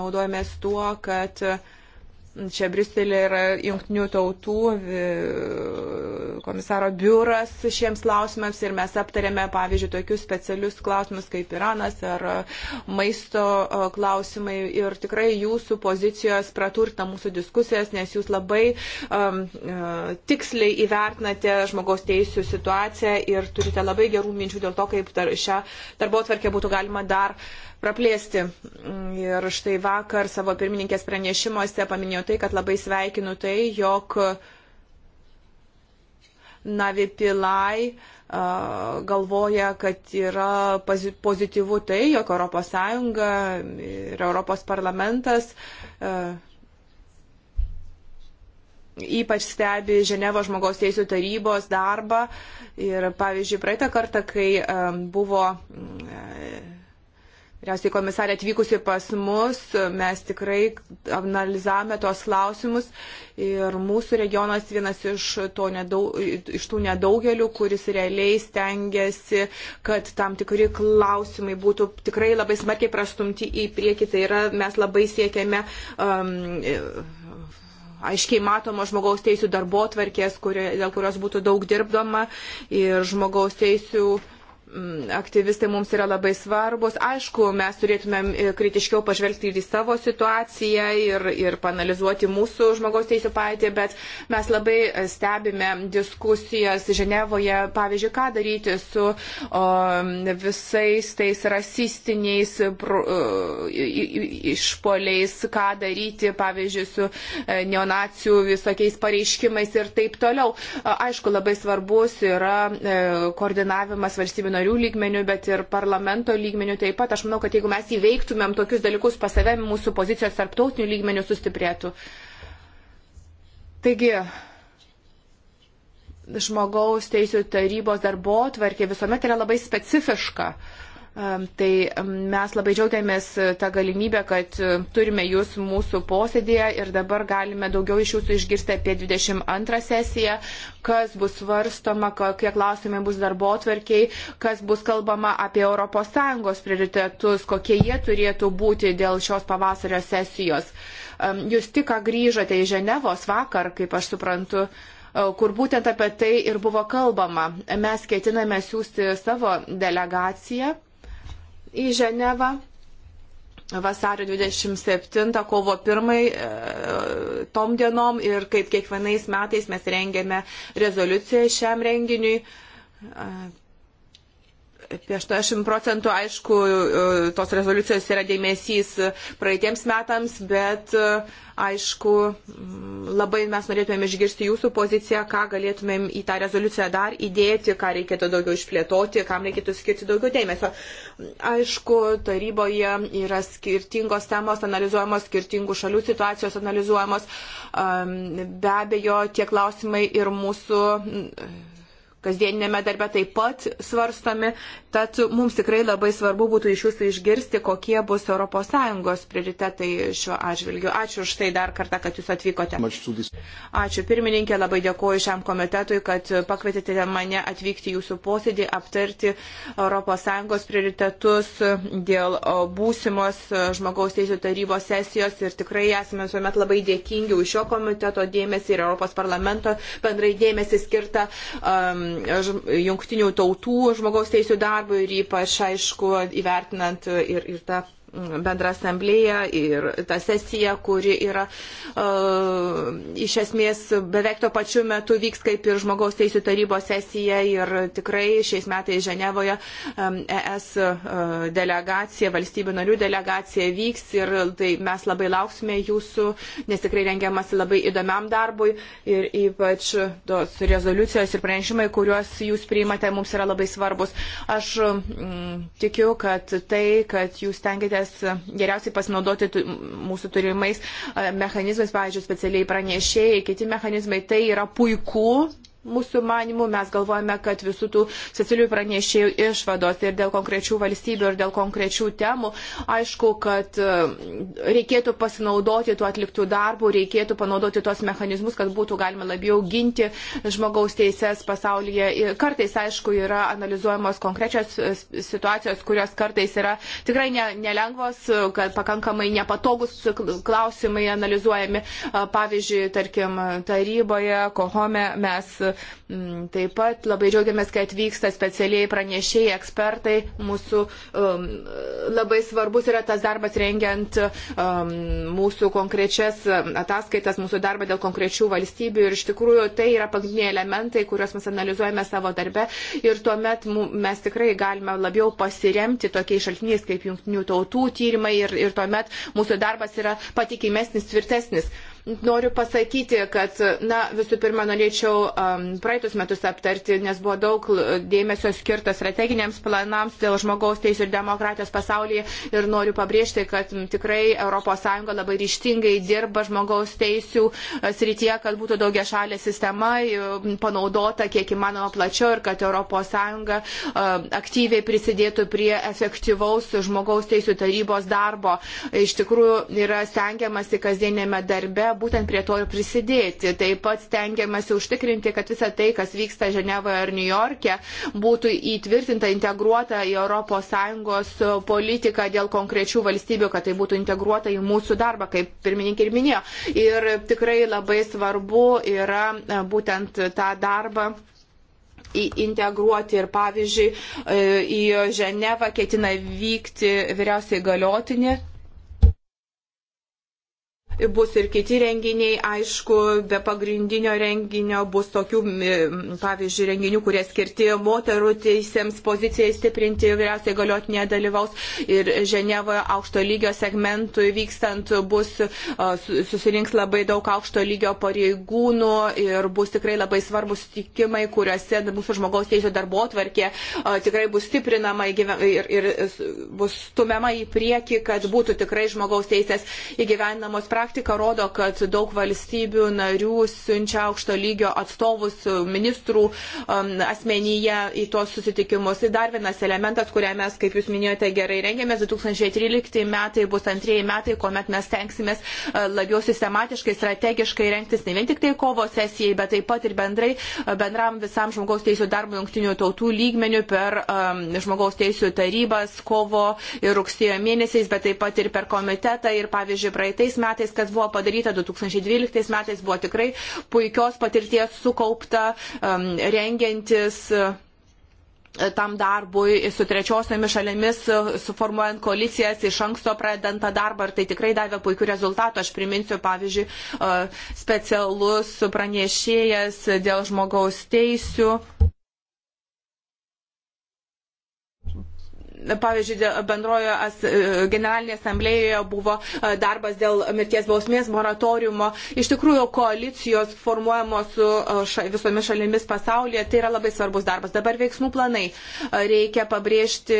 naudojamės tuo, kad Čia Briuselė yra jungtinių tautų e, komisaro biuras šiems klausimams ir mes aptarėme, pavyzdžiui, tokius specialius klausimus kaip Iranas ar e, maisto e, klausimai ir tikrai jūsų pozicijos praturtina mūsų diskusijas, nes jūs labai um, tiksliai įvertinate žmogaus teisų situaciją ir turite labai gerų minčių dėl to, kaip dar šią darbo tvarkę būtų galima dar praplėsti. Ir štai vakar savo pirmininkės pranešimuose paminėjau tai, kad labai sveikinu tai, jog Navipilai galvoja, kad yra pozityvu tai, jog ES ir ES parlamentas ypač stebi Ženevo žmogaus teisų tarybos darbą. Ir pavyzdžiui, praeitą kartą, kai buvo Vyriausiai komisarė atvykusi pas mus, mes tikrai analizavome tos klausimus ir mūsų regionas vienas iš, nedaug, iš tų nedaugelių, kuris realiai stengiasi, kad tam tikri klausimai būtų tikrai labai smarkiai prastumti į priekį. Tai yra, mes labai siekiame. Um, aiškiai matomo žmogaus teisų darbo tvarkės, kurio, dėl kurios būtų daug dirbdoma ir žmogaus teisų uh, Mm, aktyvistai mums yra labai svarbus. Aišku, mes turėtumėm e, kritiškiau pažvelgti ir į savo situaciją ir, ir panalizuoti mūsų žmogaus teisų patį, bet mes labai e, stebime diskusijas Ženevoje, pavyzdžiui, ką daryti su o, visais tais rasistiniais pro, e, išpoliais, ką daryti, pavyzdžiui, su neonacijų visokiais pareiškimais ir taip toliau. Aišku, labai svarbus yra koordinavimas valstybinio narių lygmenių, bet ir parlamento lygmenių taip pat. Aš manau, kad jeigu mes įveiktumėm tokius dalykus pas save, mūsų pozicijos tarptautinių lygmenių sustiprėtų. Taigi, žmogaus teisų tarybos darbo tvarkė visuomet yra labai specifiška. Uh, Tai mes labai džiaugiamės e, tą galimybę, kad e, turime jūs mūsų posėdėje ir dabar galime daugiau iš jūsų išgirsti apie 22 sesiją, kas bus svarstoma, kokie klausimai bus darbo atverkiai, kas bus kalbama apie ES prioritetus, kokie jie turėtų būti dėl šios pavasario sesijos. Jūs tik ką grįžote į Ženevos vakar, kaip aš suprantu e, kur būtent apie tai ir buvo kalbama. Mes ketiname siūsti savo delegaciją į Ženevą vasario 27, kovo 1 e, tom dienom ir kaip kiekvienais metais mes rengėme rezoliuciją šiam renginiui. E, Apie 80 procentų, aišku, tos rezoliucijos yra dėmesys praeitiems metams, bet, aišku, labai mes norėtumėm išgirsti jūsų poziciją, ką galėtumėm į tą rezoliuciją dar įdėti, ką reikėtų daugiau išplėtoti, kam reikėtų skirti daugiau dėmesio. Aišku, taryboje yra skirtingos temos analizuojamos, skirtingų šalių situacijos analizuojamos. Be abejo, tie klausimai ir mūsų kasdieninėme darbe taip pat svarstomi, tad mums tikrai labai svarbu būtų iš jūsų išgirsti, kokie bus ES prioritetai šiuo atžvilgiu. Ačiū už tai dar kartą, kad jūs atvykote. Ačiū pirmininkė, labai dėkuoju šiam komitetui, kad pakvietėte mane atvykti jūsų posėdį, aptarti ES prioritetus dėl būsimos žmogaus teisų tarybos sesijos ir tikrai esame visuomet labai dėkingi už šio komiteto dėmesį ir Europos parlamento bendrai dėmesį skirtą. Um, jungtinių tautų žmogaus teisų darbui ir ypač, aišku, įvertinant ir, ir tą bendra asamblėja ir ta sesija, kuri yra uh, iš esmės beveik tuo pačiu metu vyks kaip ir žmogaus teisų tarybos sesija ir tikrai šiais metais Ženevoje um, ES e, delegacija, valstybių narių delegacija vyks ir tai mes labai lauksime jūsų, nes tikrai rengiamasi labai įdomiam darbui ir ypač tos rezoliucijos ir pranešimai, kuriuos jūs priimate, mums yra labai svarbus. Aš mm, tikiu, kad tai, kad jūs tenkite galimybės geriausiai pasinaudoti mūsų turimais e, mechanizmais, pavyzdžiui, specialiai pranešėjai, kiti mechanizmai. Tai yra puiku, mūsų manimų mes galvojame, kad visų tų specialiųjų pranešėjų išvados ir dėl konkrečių valstybių ir dėl konkrečių temų, aišku, kad e, reikėtų pasinaudoti tuo atliktų darbų, reikėtų panaudoti tuos mechanizmus, kad būtų galima labiau ginti žmogaus teises pasaulyje. Ir kartais, aišku, yra analizuojamos konkrečios e, situacijos, kurios kartais yra tikrai ne, nelengvos, kad pakankamai nepatogus klausimai analizuojami. E, pavyzdžiui, tarkim, taryboje, kohome mes Mm, taip pat labai džiaugiamės, kad vyksta specialiai pranešėjai, ekspertai. Mūsų um, labai svarbus yra tas darbas rengiant um, mūsų konkrečias um, ataskaitas, mūsų darbą dėl konkrečių valstybių. Ir iš tikrųjų tai yra pagrindiniai elementai, kuriuos mes analizuojame savo darbe. Ir tuomet mes tikrai galime labiau pasiremti tokiais šaltiniais kaip jungtinių tautų tyrimai. Ir, ir tuomet mūsų darbas yra patikimesnis, tvirtesnis noriu pasakyti, kad, na, visų pirma, norėčiau um, praeitus metus aptarti, nes buvo daug dėmesio skirta strateginiams planams dėl žmogaus teisų ir demokratijos pasaulyje ir noriu pabrėžti, kad tikrai ES labai ryštingai dirba žmogaus teisų e, srityje, kad būtų daugia šalė sistema panaudota kiek įmanoma plačiau ir kad ES um, e, aktyviai prisidėtų prie efektyvaus žmogaus teisų tarybos darbo. Iš tikrųjų yra stengiamasi kasdienėme darbe galvoje būtent prie to ir prisidėti. Taip pat stengiamasi užtikrinti, kad visa tai, kas vyksta Ženevoje ar Niujorke, būtų įtvirtinta, integruota į ES politiką dėl konkrečių valstybių, kad tai būtų integruota į mūsų darbą, kaip pirmininkė ir minėjo. Ir tikrai labai svarbu yra e, būtent tą darbą integruoti ir pavyzdžiui e, į Ženevą ketina vykti vyriausiai galiotinė bus ir kiti renginiai, aišku, be pagrindinio renginio bus tokių, pavyzdžiui, renginių, kurie skirti moterų teisėms pozicijai stiprinti, vyriausiai galiotinė dalyvaus ir Ženevoje aukšto lygio segmentui vykstant bus susirinks labai daug aukšto lygio pareigūnų ir bus tikrai labai svarbus tikimai, kuriuose mūsų žmogaus teisų darbo atvarkė tikrai bus stiprinama ir, ir bus stumiama į priekį, kad būtų tikrai žmogaus teisės įgyvendamos praktikos praktika rodo, kad daug valstybių narių siunčia aukšto lygio atstovus ministrų um, asmenyje į tos susitikimus. Ir dar vienas elementas, kurią mes, kaip jūs minėjote, gerai rengiamės, 2013 metai bus antrieji metai, kuomet mes tenksimės uh, labiau sistematiškai, strategiškai rengtis ne vien tik tai kovo sesijai, bet taip pat ir bendrai, uh, bendram visam žmogaus teisų darbo jungtinių tautų lygmenių per um, žmogaus teisų tarybas kovo ir rugsėjo mėnesiais, bet taip pat ir per komitetą. Ir pavyzdžiui, praeitais metais kas buvo padaryta 2012 metais, buvo tikrai puikios patirties sukaupta um, rengiantis. Uh, tam darbui su trečiosiomis šalimis, uh, suformuojant koalicijas, iš anksto pradedant tą darbą ir tai tikrai davė puikių rezultatų. Aš priminsiu, pavyzdžiui, uh, specialus pranešėjas dėl žmogaus teisių pavyzdžiui, bendrojo as, e, generalinėje asamblėjoje buvo e, darbas dėl mirties bausmės moratoriumo. Iš tikrųjų, koalicijos formuojamos su e, ša, visomis šalimis pasaulyje, tai yra labai svarbus darbas. Dabar veiksmų planai. Reikia pabrėžti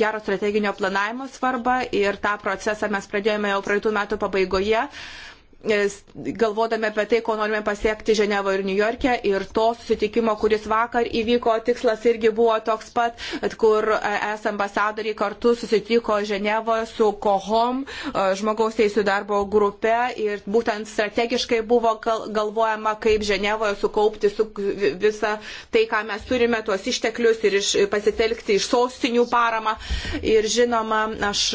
gero strateginio planavimo svarbą ir tą procesą mes pradėjome jau praeitų metų pabaigoje. Uh, E, galvodami apie tai, ko norime pasiekti Ženevoje ir New York'e. Ir to susitikimo, kuris vakar įvyko, tikslas irgi buvo toks pat, kur e, es ambasadoriai kartu susitiko Ženevoje su KOHOM, e, žmogaus teisų darbo grupe. Ir būtent strategiškai buvo galvojama, kaip Ženevoje sukaupti su visą tai, ką mes turime, tuos išteklius ir iš, pasitelkti iš sostinių paramą. Ir žinoma, aš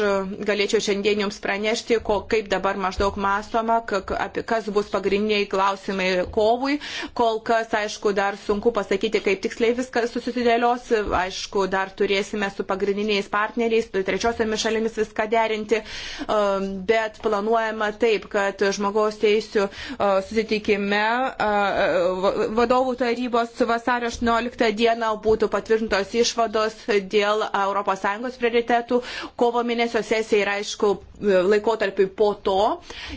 galėčiau šiandien jums pranešti, ko, kaip dabar maždaug mąstoma, apie kas bus pagrindiniai klausimai kovui. Kol kas, aišku, dar sunku pasakyti, kaip tiksliai viskas susidėlios. Aišku, dar turėsime su pagrindiniais partneriais, trečiosiomis šalimis viską derinti, um, bet planuojama taip, kad žmogaus teisų uh, susitikime uh, vadovų tarybos vasario 18 dieną būtų patvirtintos išvados dėl ES prioritetų kovo mėnesio sesija ir aišku laikotarpiui po to.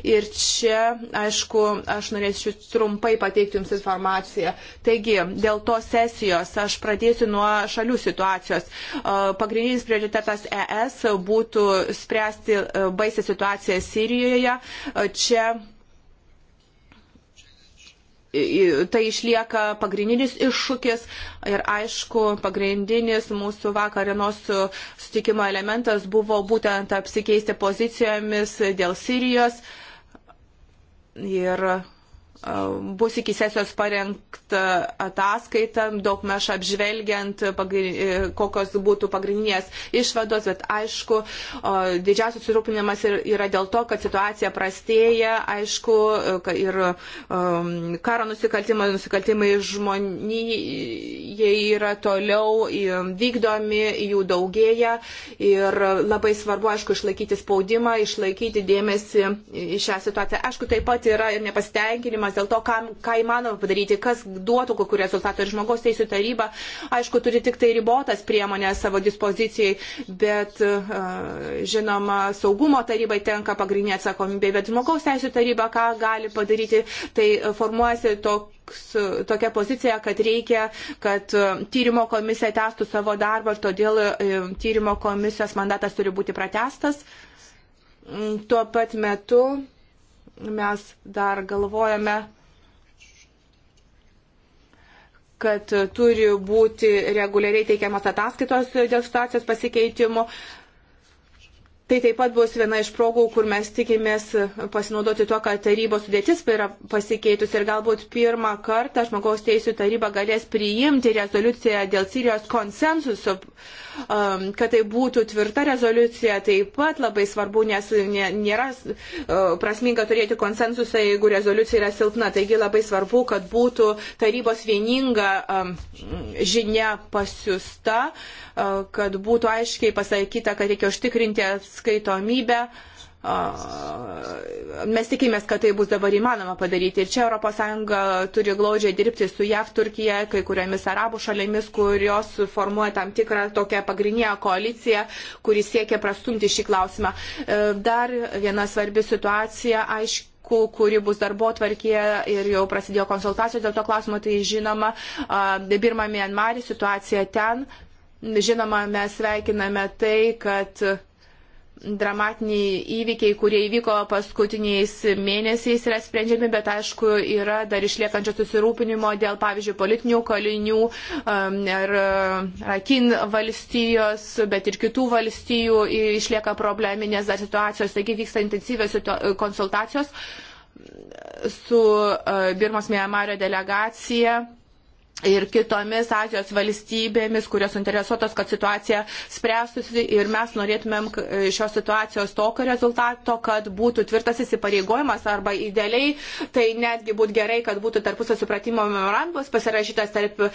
Ir čia čia, aišku, aš norėsiu trumpai pateikti Jums informaciją. Taigi, dėl tos sesijos aš pradėsiu nuo šalių situacijos. Pagrindinis prioritetas ES būtų spręsti baisę situaciją Sirijoje. Čia tai išlieka pagrindinis iššūkis ir aišku, pagrindinis mūsų vakarinos sutikimo elementas buvo būtent apsikeisti pozicijomis dėl Sirijos. Uh, Ir bus iki sesijos parengta ataskaita, daug meš apžvelgiant, e, kokios būtų pagrindinės išvados, bet aišku, didžiausias susirūpinimas yra dėl to, kad situacija prastėja, aišku, ir karo nusikaltimai, nusikaltimai žmonijai yra toliau vykdomi, jų daugėja ir labai svarbu, aišku, išlaikyti spaudimą, išlaikyti dėmesį į šią situaciją. Aišku, taip pat yra ir nepasitenkinimas klausimas dėl to, ką, ką įmanoma padaryti, kas duotų kokiu rezultatu. Ir žmogaus teisų taryba, aišku, turi tik tai ribotas priemonės savo dispozicijai, bet e, žinoma, saugumo tarybai tenka pagrindinė atsakomybė, bet žmogaus teisų taryba, ką gali padaryti, tai formuojasi tokia toks, tokia pozicija, kad reikia, kad e, tyrimo komisija testų savo darbą ir todėl e, tyrimo komisijos mandatas turi būti pratestas. Tuo pat metu mes dar galvojame, kad turi būti reguliariai teikiamas ataskaitos dėl situacijos pasikeitimo. Tai taip pat bus viena iš progų, kur mes tikimės pasinaudoti tuo, kad tarybos sudėtis yra pasikeitus ir galbūt pirmą kartą žmogaus teisų taryba galės priimti rezoliuciją dėl Sirijos konsensuso Um, kad tai būtų tvirta rezoliucija taip pat labai svarbu, nes nėra uh, prasminga turėti konsensusą, jeigu rezoliucija yra silpna. Taigi labai svarbu, kad būtų tarybos vieninga um, žinia pasiusta, uh, kad būtų aiškiai pasakyta, kad reikia užtikrinti atskaitomybę Mes tikimės, kad tai bus dabar įmanoma padaryti. Ir čia ES turi glaudžiai dirbti su JAV, Turkija, kai kuriomis arabų šalėmis, kurios formuoja tam tikrą tokią pagrindinę koaliciją, kuri siekia prastumti šį klausimą. E, dar viena svarbi situacija, aiškiai dalykų, kuri bus darbo tvarkėje ir jau prasidėjo konsultacijos dėl to klausimo, tai žinoma, Birma Mianmarį situacija ten. Žinoma, mes sveikiname tai, kad dramatiniai įvykiai, kurie įvyko paskutiniais mėnesiais, yra sprendžiami, bet aišku, yra dar išliekančio susirūpinimo dėl, pavyzdžiui, politinių kalinių um, ir uh, Rakin valstijos, bet ir kitų valstijų išlieka probleminės dar situacijos, taigi vyksta intensyvios konsultacijos su uh, Birmos Miamario delegacija ir kitomis Azijos valstybėmis, kurios interesuotos, kad situacija spręstųsi ir mes norėtumėm šios situacijos tokio rezultato, kad būtų tvirtas įsipareigojimas arba idealiai, tai netgi būtų gerai, kad būtų tarpusio supratimo memorandumas pasirašytas tarp e,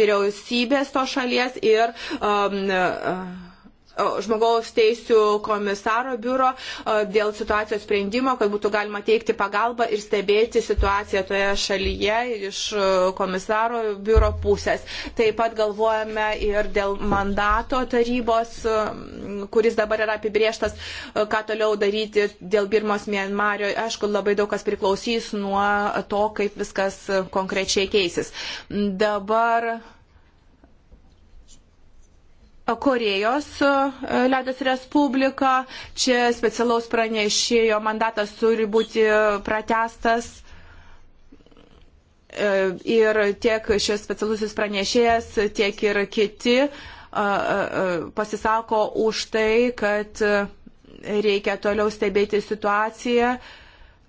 vyriausybės to šalies ir um, e, žmogaus teisų komisaro biuro dėl situacijos sprendimo, kad būtų galima teikti pagalbą ir stebėti situaciją toje šalyje iš komisaro biuro pusės. Taip pat galvojame ir dėl mandato tarybos, kuris dabar yra apibrieštas, ką toliau daryti dėl Birmos Mienmario. Aišku, labai daug kas priklausys nuo to, kaip viskas konkrečiai keisis. Dabar Korejos e, Liaudės Respublika. Čia specialaus pranešėjo mandatas turi būti pratestas. E, ir tiek šis specialusis pranešėjas, tiek ir kiti e, pasisako už tai, kad reikia toliau stebėti situaciją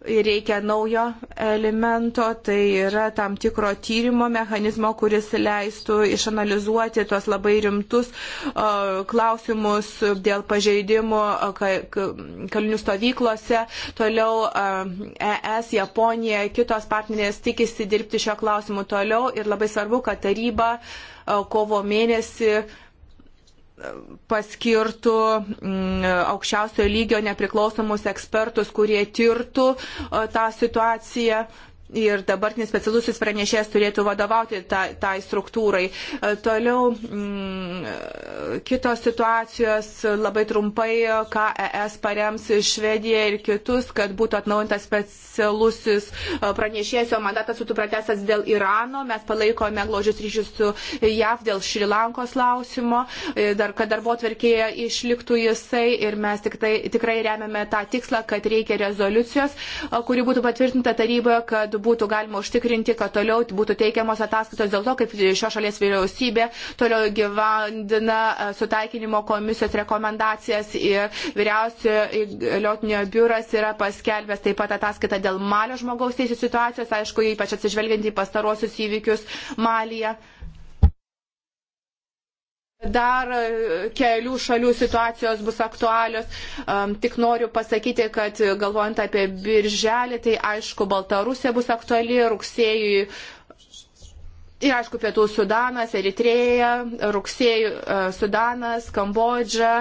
reikia naujo elemento, tai yra tam tikro tyrimo mechanizmo, kuris leistų išanalizuoti tuos labai rimtus klausimus dėl pažeidimų kalinių stovyklose. Toliau ES, Japonija, kitos partnerės tikisi dirbti šio klausimu toliau ir labai svarbu, kad taryba kovo mėnesį paskirtų mm, aukščiausio lygio nepriklausomus ekspertus, kurie tirtų e, tą situaciją ir dabartinis specialusis pranešėjas turėtų vadovauti tai, tai struktūrai. E, toliau m, mm, kitos situacijos labai trumpai, ką ES parems Švediją ir kitus, kad būtų atnaujintas specialusis e, pranešėjas, jo mandatas būtų pratestas dėl Irano. Mes palaikome glaudžius ryšius su JAV dėl Šrilankos klausimo, e, dar, kad darbo tvarkėje išliktų jisai ir mes tik tai, tikrai remiame tą tikslą, kad reikia rezoliucijos, kuri būtų patvirtinta taryboje, kad būtų galima užtikrinti, kad toliau būtų teikiamos ataskaitos dėl to, kaip šios šalies vyriausybė toliau gyvandina e, sutaikinimo komisijos rekomendacijas ir vyriausiojo liotinio biuras yra paskelbęs taip pat ataskaitą dėl Malio žmogaus teisų situacijos, aišku, ypač atsižvelgiant į pastarosius įvykius Malyje. Dar e, kelių šalių situacijos bus aktualios. Tik noriu pasakyti, kad galvojant apie birželį, tai aišku, Baltarusija bus aktuali rugsėjui. Ir aišku, Pietų Sudanas, Eritreja, rugsėjų e, Sudanas, Kambodža,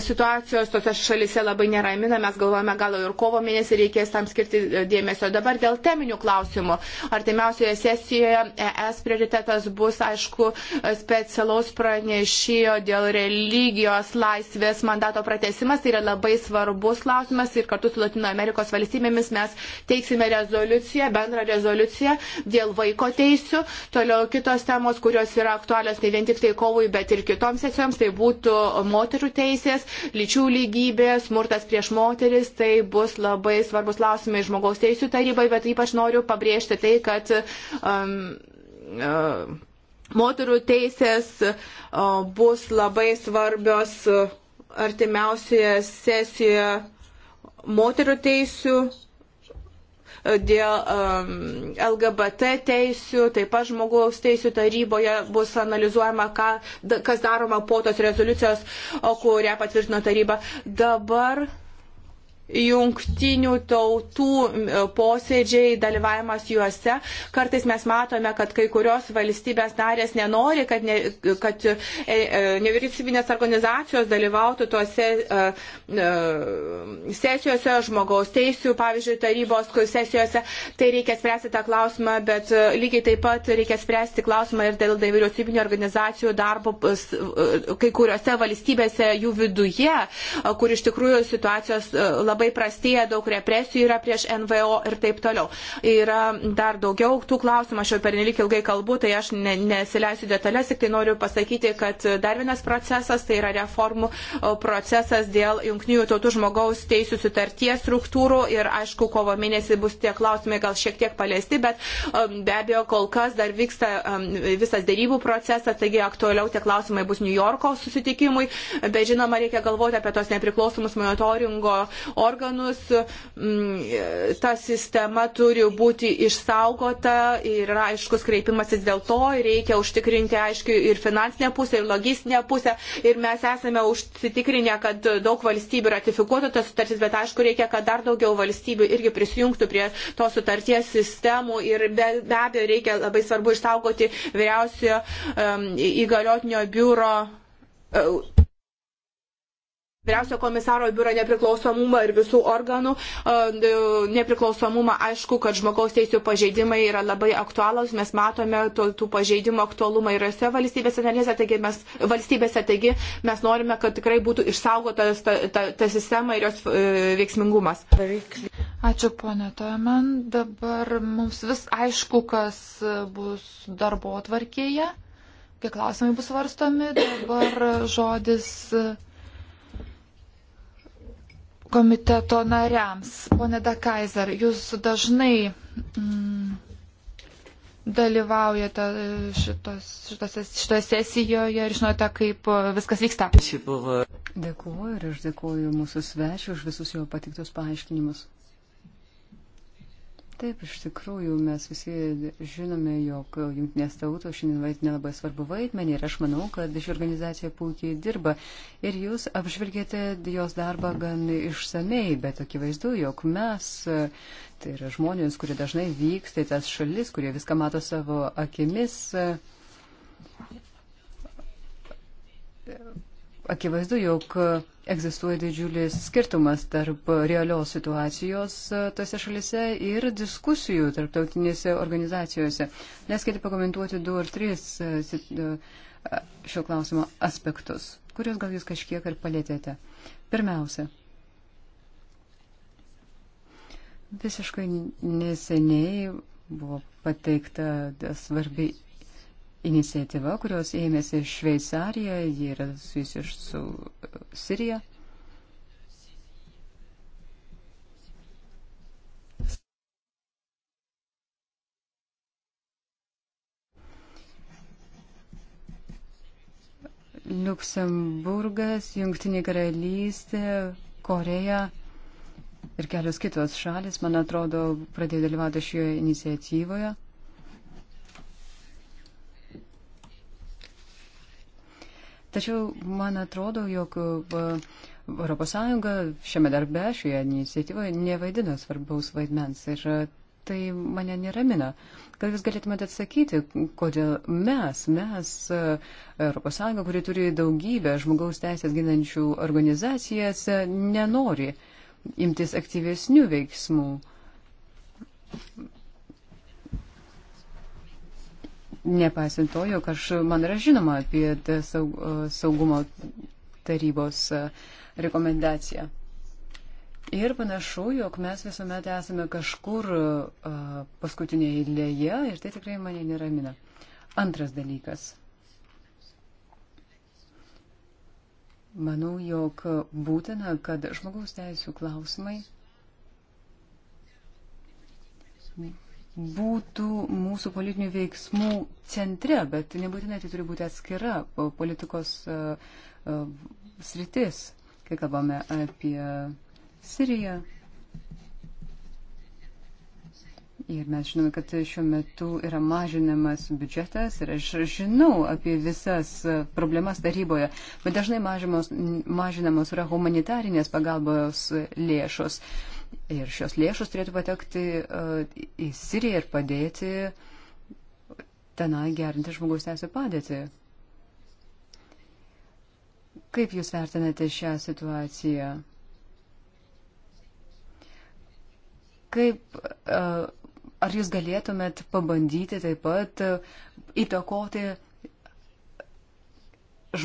Situacijos tose šalise labai neramina, mes galvojame, gal ir kovo mėnesį reikės tam skirti e, dėmesio. Dabar dėl teminių klausimų. Artimiausioje sesijoje ES prioritetas bus, aišku, specialaus pranešėjo dėl religijos laisvės mandato pratesimas. Tai yra labai svarbus klausimas ir kartu su Latino Amerikos valstybėmis mes teiksime rezoliuciją, bendrą rezoliuciją dėl vaiko teisių. Toliau kitos temos, kurios yra aktualios ne vien tik tai kovui, bet ir kitoms sesijoms, tai būtų moterų teisės teisės, lyčių lygybė, smurtas prieš moteris, tai bus labai svarbus klausimai žmogaus teisų tarybai, bet ypač noriu pabrėžti tai, kad um, uh, moterų teisės uh, bus labai svarbios uh, artimiausioje sesijoje moterų teisų dėl um, LGBT teisių, taip pat žmogaus teisių taryboje bus analizuojama, ką, kas daroma po tos rezoliucijos, kurią patvirtino taryba. Dabar jungtinių tautų e, posėdžiai, dalyvavimas juose. Kartais mes matome, kad kai kurios valstybės narės nenori, kad, ne, kad e, e, nevyriausybinės organizacijos dalyvautų tuose uh, uh, sesijose, žmogaus teisų, pavyzdžiui, tarybos sesijose. Tai reikia spręsti tą klausimą, bet lygiai taip pat reikia spręsti klausimą ir dėl nevyriausybinio organizacijų darbo kai kuriuose valstybėse jų viduje, kur iš tikrųjų situacijos labai labai prastėja, daug represijų yra prieš NVO ir taip toliau. Yra dar daugiau tų klausimų, aš jau per nelik ilgai kalbu, tai aš ne, nesileisiu detalės, tik tai noriu pasakyti, kad dar vienas procesas, tai yra reformų procesas dėl jungtinių tautų žmogaus teisų sutarties struktūrų ir aišku, kovo mėnesį bus tie klausimai gal šiek tiek paliesti, bet be abejo, kol kas dar vyksta visas dėrybų procesas, taigi aktualiau tie klausimai bus New Yorko susitikimui, bet žinoma, reikia galvoti apie tos nepriklausomus monitoringo organus. Mm, ta sistema turi būti išsaugota ir yra aiškus kreipimasis dėl to, reikia užtikrinti aiškiai ir finansinę pusę, ir logistinę pusę. Ir mes esame užsitikrinę, kad daug valstybių ratifikuotų tas sutartis, bet aišku, reikia, kad dar daugiau valstybių irgi prisijungtų prie tos sutarties sistemų. Ir be, be abejo, reikia labai svarbu išsaugoti vyriausiojo um, įgaliotinio biuro. Uh, Vyriausio komisaro biuro nepriklausomumą ir visų organų e, nepriklausomumą, aišku, kad žmogaus teisų pažeidimai yra labai aktualūs, mes matome tų, tų pažeidimų aktualumą ir jose valstybėse narėse, taigi mes, valstybėse, taigi mes norime, kad tikrai būtų išsaugota ta, ta, ta sistema ir jos e, veiksmingumas. Ačiū, ponė Toeman. Dabar mums vis aišku, kas bus darbo atvarkėje, kokie klausimai bus svarstomi. Dabar žodis komiteto nariams. Pone Dekaiser, jūs dažnai mm, dalyvaujate šitos, šitose, šitoje sesijoje ir žinote, kaip viskas vyksta. Dėkuoju ir aš dėkuoju mūsų svečiu už visus jo patiktus paaiškinimus. Taip, iš tikrųjų, mes visi žinome, jog jungtinės tautos šiandien vaidina labai svarbu vaidmenį ir aš manau, kad ši organizacija puikiai dirba. Ir jūs apžvelgėte jos darbą gan išsamei, bet akivaizdu, jog mes, tai yra žmonės, kurie dažnai vyksta į tas šalis, kurie viską mato savo akimis. Akivaizdu, jog egzistuoja didžiulis skirtumas tarp realios situacijos e, tose šalise ir diskusijų tarptautinėse organizacijose. Leiskite pakomentuoti du ar tris e, e, šio klausimo aspektus, kuriuos gal jūs kažkiek ir palėtėte. Pirmiausia, visiškai neseniai buvo pateikta svarbi iniciatyva, kurios ėmėsi Šveicarija, ji yra susijusi su e, Sirija. Luksemburgas, Junktinė karalystė, Koreja ir kelios kitos šalis, man atrodo, pradėjo dalyvauti šioje iniciatyvoje. Tačiau man atrodo, jog ES šiame darbe, šioje iniciatyvoje nevaidino svarbaus vaidmens. Ir e, tai mane neramina. Gal jūs galėtumėte atsakyti, kodėl mes, mes, ES, kuri turi daugybę žmogaus teisės ginančių organizacijas, e, nenori imtis aktyvesnių veiksmų nepaisant to, jog aš, man yra žinoma apie saugumo tarybos e, rekomendaciją. Ir panašu, jog mes visuomet esame kažkur e, paskutinėje eilėje ir tai tikrai mane neramina. Antras dalykas. Manau, jog būtina, kad žmogaus teisų klausimai būtų mūsų politinių veiksmų centre, bet nebūtinai tai turi būti atskira uh, politikos uh, uh, sritis, kai kalbame apie Siriją. Ir mes žinome, kad šiuo metu yra mažinamas biudžetas ir aš žinau apie visas problemas taryboje, bet dažnai mažinamos, mažinamos yra humanitarinės pagalbos lėšos. Uh, Ir šios lėšos turėtų patekti e, į Siriją ir padėti tenai gerinti žmogaus teisų padėtį. Kaip Jūs vertinate šią situaciją? Kaip, e, ar Jūs galėtumėt pabandyti taip pat e, įtakoti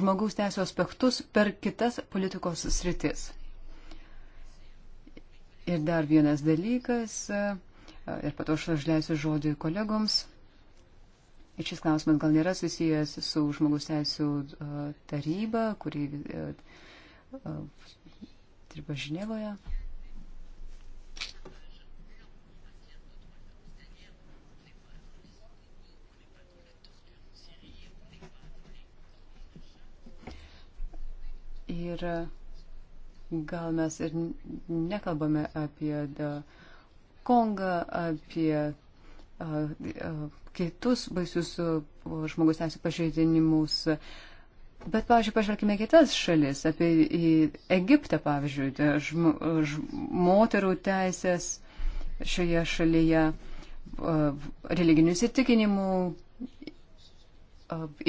žmogaus teisų aspektus per kitas politikos sritis? Ir dar vienas dalykas, e, ir pato aš leisiu žodį kolegoms. Ir šis klausimas gal nėra susijęs su žmogus teisų e, taryba, kuri e, dirba Ženevoje. Ir gal mes ir nekalbame apie Kongą, apie kitus baisius žmogus teisų pažeidinimus. Bet, pavyzdžiui, pažvelkime kitas šalis, apie Egiptą, pavyzdžiui, žm, žm, moterų teisės šioje šalyje, religinių įsitikinimų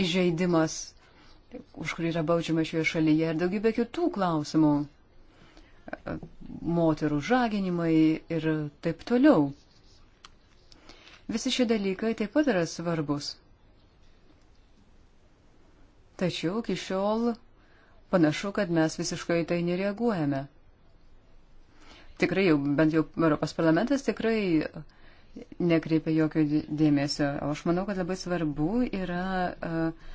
įžeidimas, už kurį yra baudžiama šioje šalyje ir daugybė kitų klausimų moterų žaginimai ir taip toliau. Visi šie dalykai taip pat yra svarbus. Tačiau iki šiol panašu, kad mes visiškai tai nereaguojame. Tikrai jau, bent jau Europos parlamentas tikrai nekreipia jokio dėmesio. O aš manau, kad labai svarbu yra uh,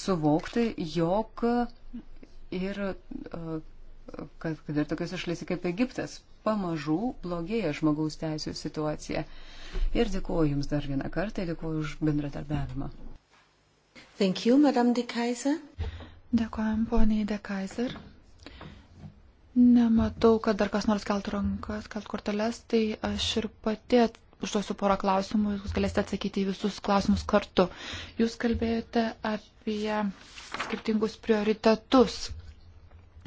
suvokti, jog ir uh, kad, kad ir tokiuose šalyse kaip Egiptas pamažu blogėja žmogaus teisų situacija. Ir dėkuoju Jums dar vieną kartą, dėkuoju už bendradarbiavimą. Thank you, Madame de Kaiser. Dėkuojam, poniai de Kaiser. Nematau, kad dar kas nors keltų rankas, keltų korteles, tai aš ir pati užduosiu porą klausimų, jūs galėsite atsakyti į visus klausimus kartu. Jūs kalbėjote apie skirtingus prioritetus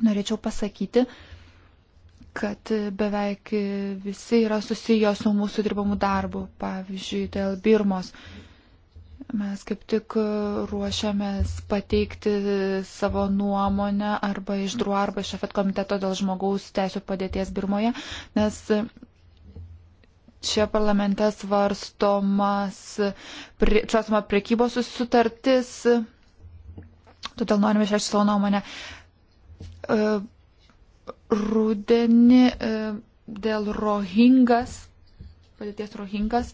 norėčiau pasakyti, kad beveik visi yra susiję su mūsų dirbamu darbu, pavyzdžiui, dėl Birmos. Mes kaip tik ruošiamės pateikti savo nuomonę arba iš druo arba iš afet komiteto dėl žmogaus teisų padėties Birmoje, nes čia parlamente svarstomas, svarstoma prekybos sutartis, todėl norime išreikšti savo nuomonę. Uh, E, rudenį e, dėl rohingas, padėties rohingas,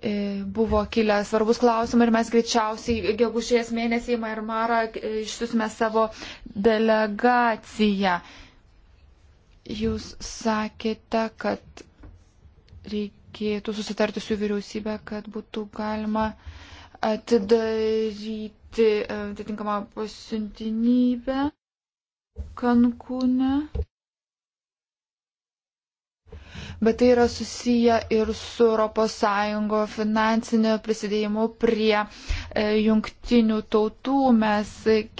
e, buvo kilę svarbus klausimai ir mes greičiausiai gegužės mėnesį į Maimarą išsiusime savo delegaciją. Jūs sakėte, kad reikėtų susitarti su vyriausybė, kad būtų galima uh, atidaryti e, atitinkamą pasiuntinybę Kankūne. Bet tai yra susiję ir su ES finansiniu prisidėjimu prie e, jungtinių tautų. Mes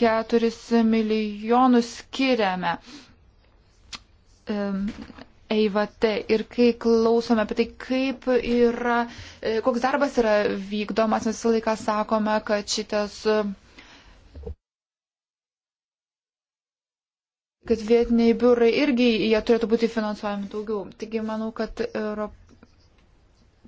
4 milijonus skiriame e, EIVT ir kai klausome apie tai, kaip yra, e, koks darbas yra vykdomas, mes visą laiką sakome, kad šitas kad vietiniai biurai irgi jie turėtų būti finansuojami daugiau. Taigi manau, kad Europos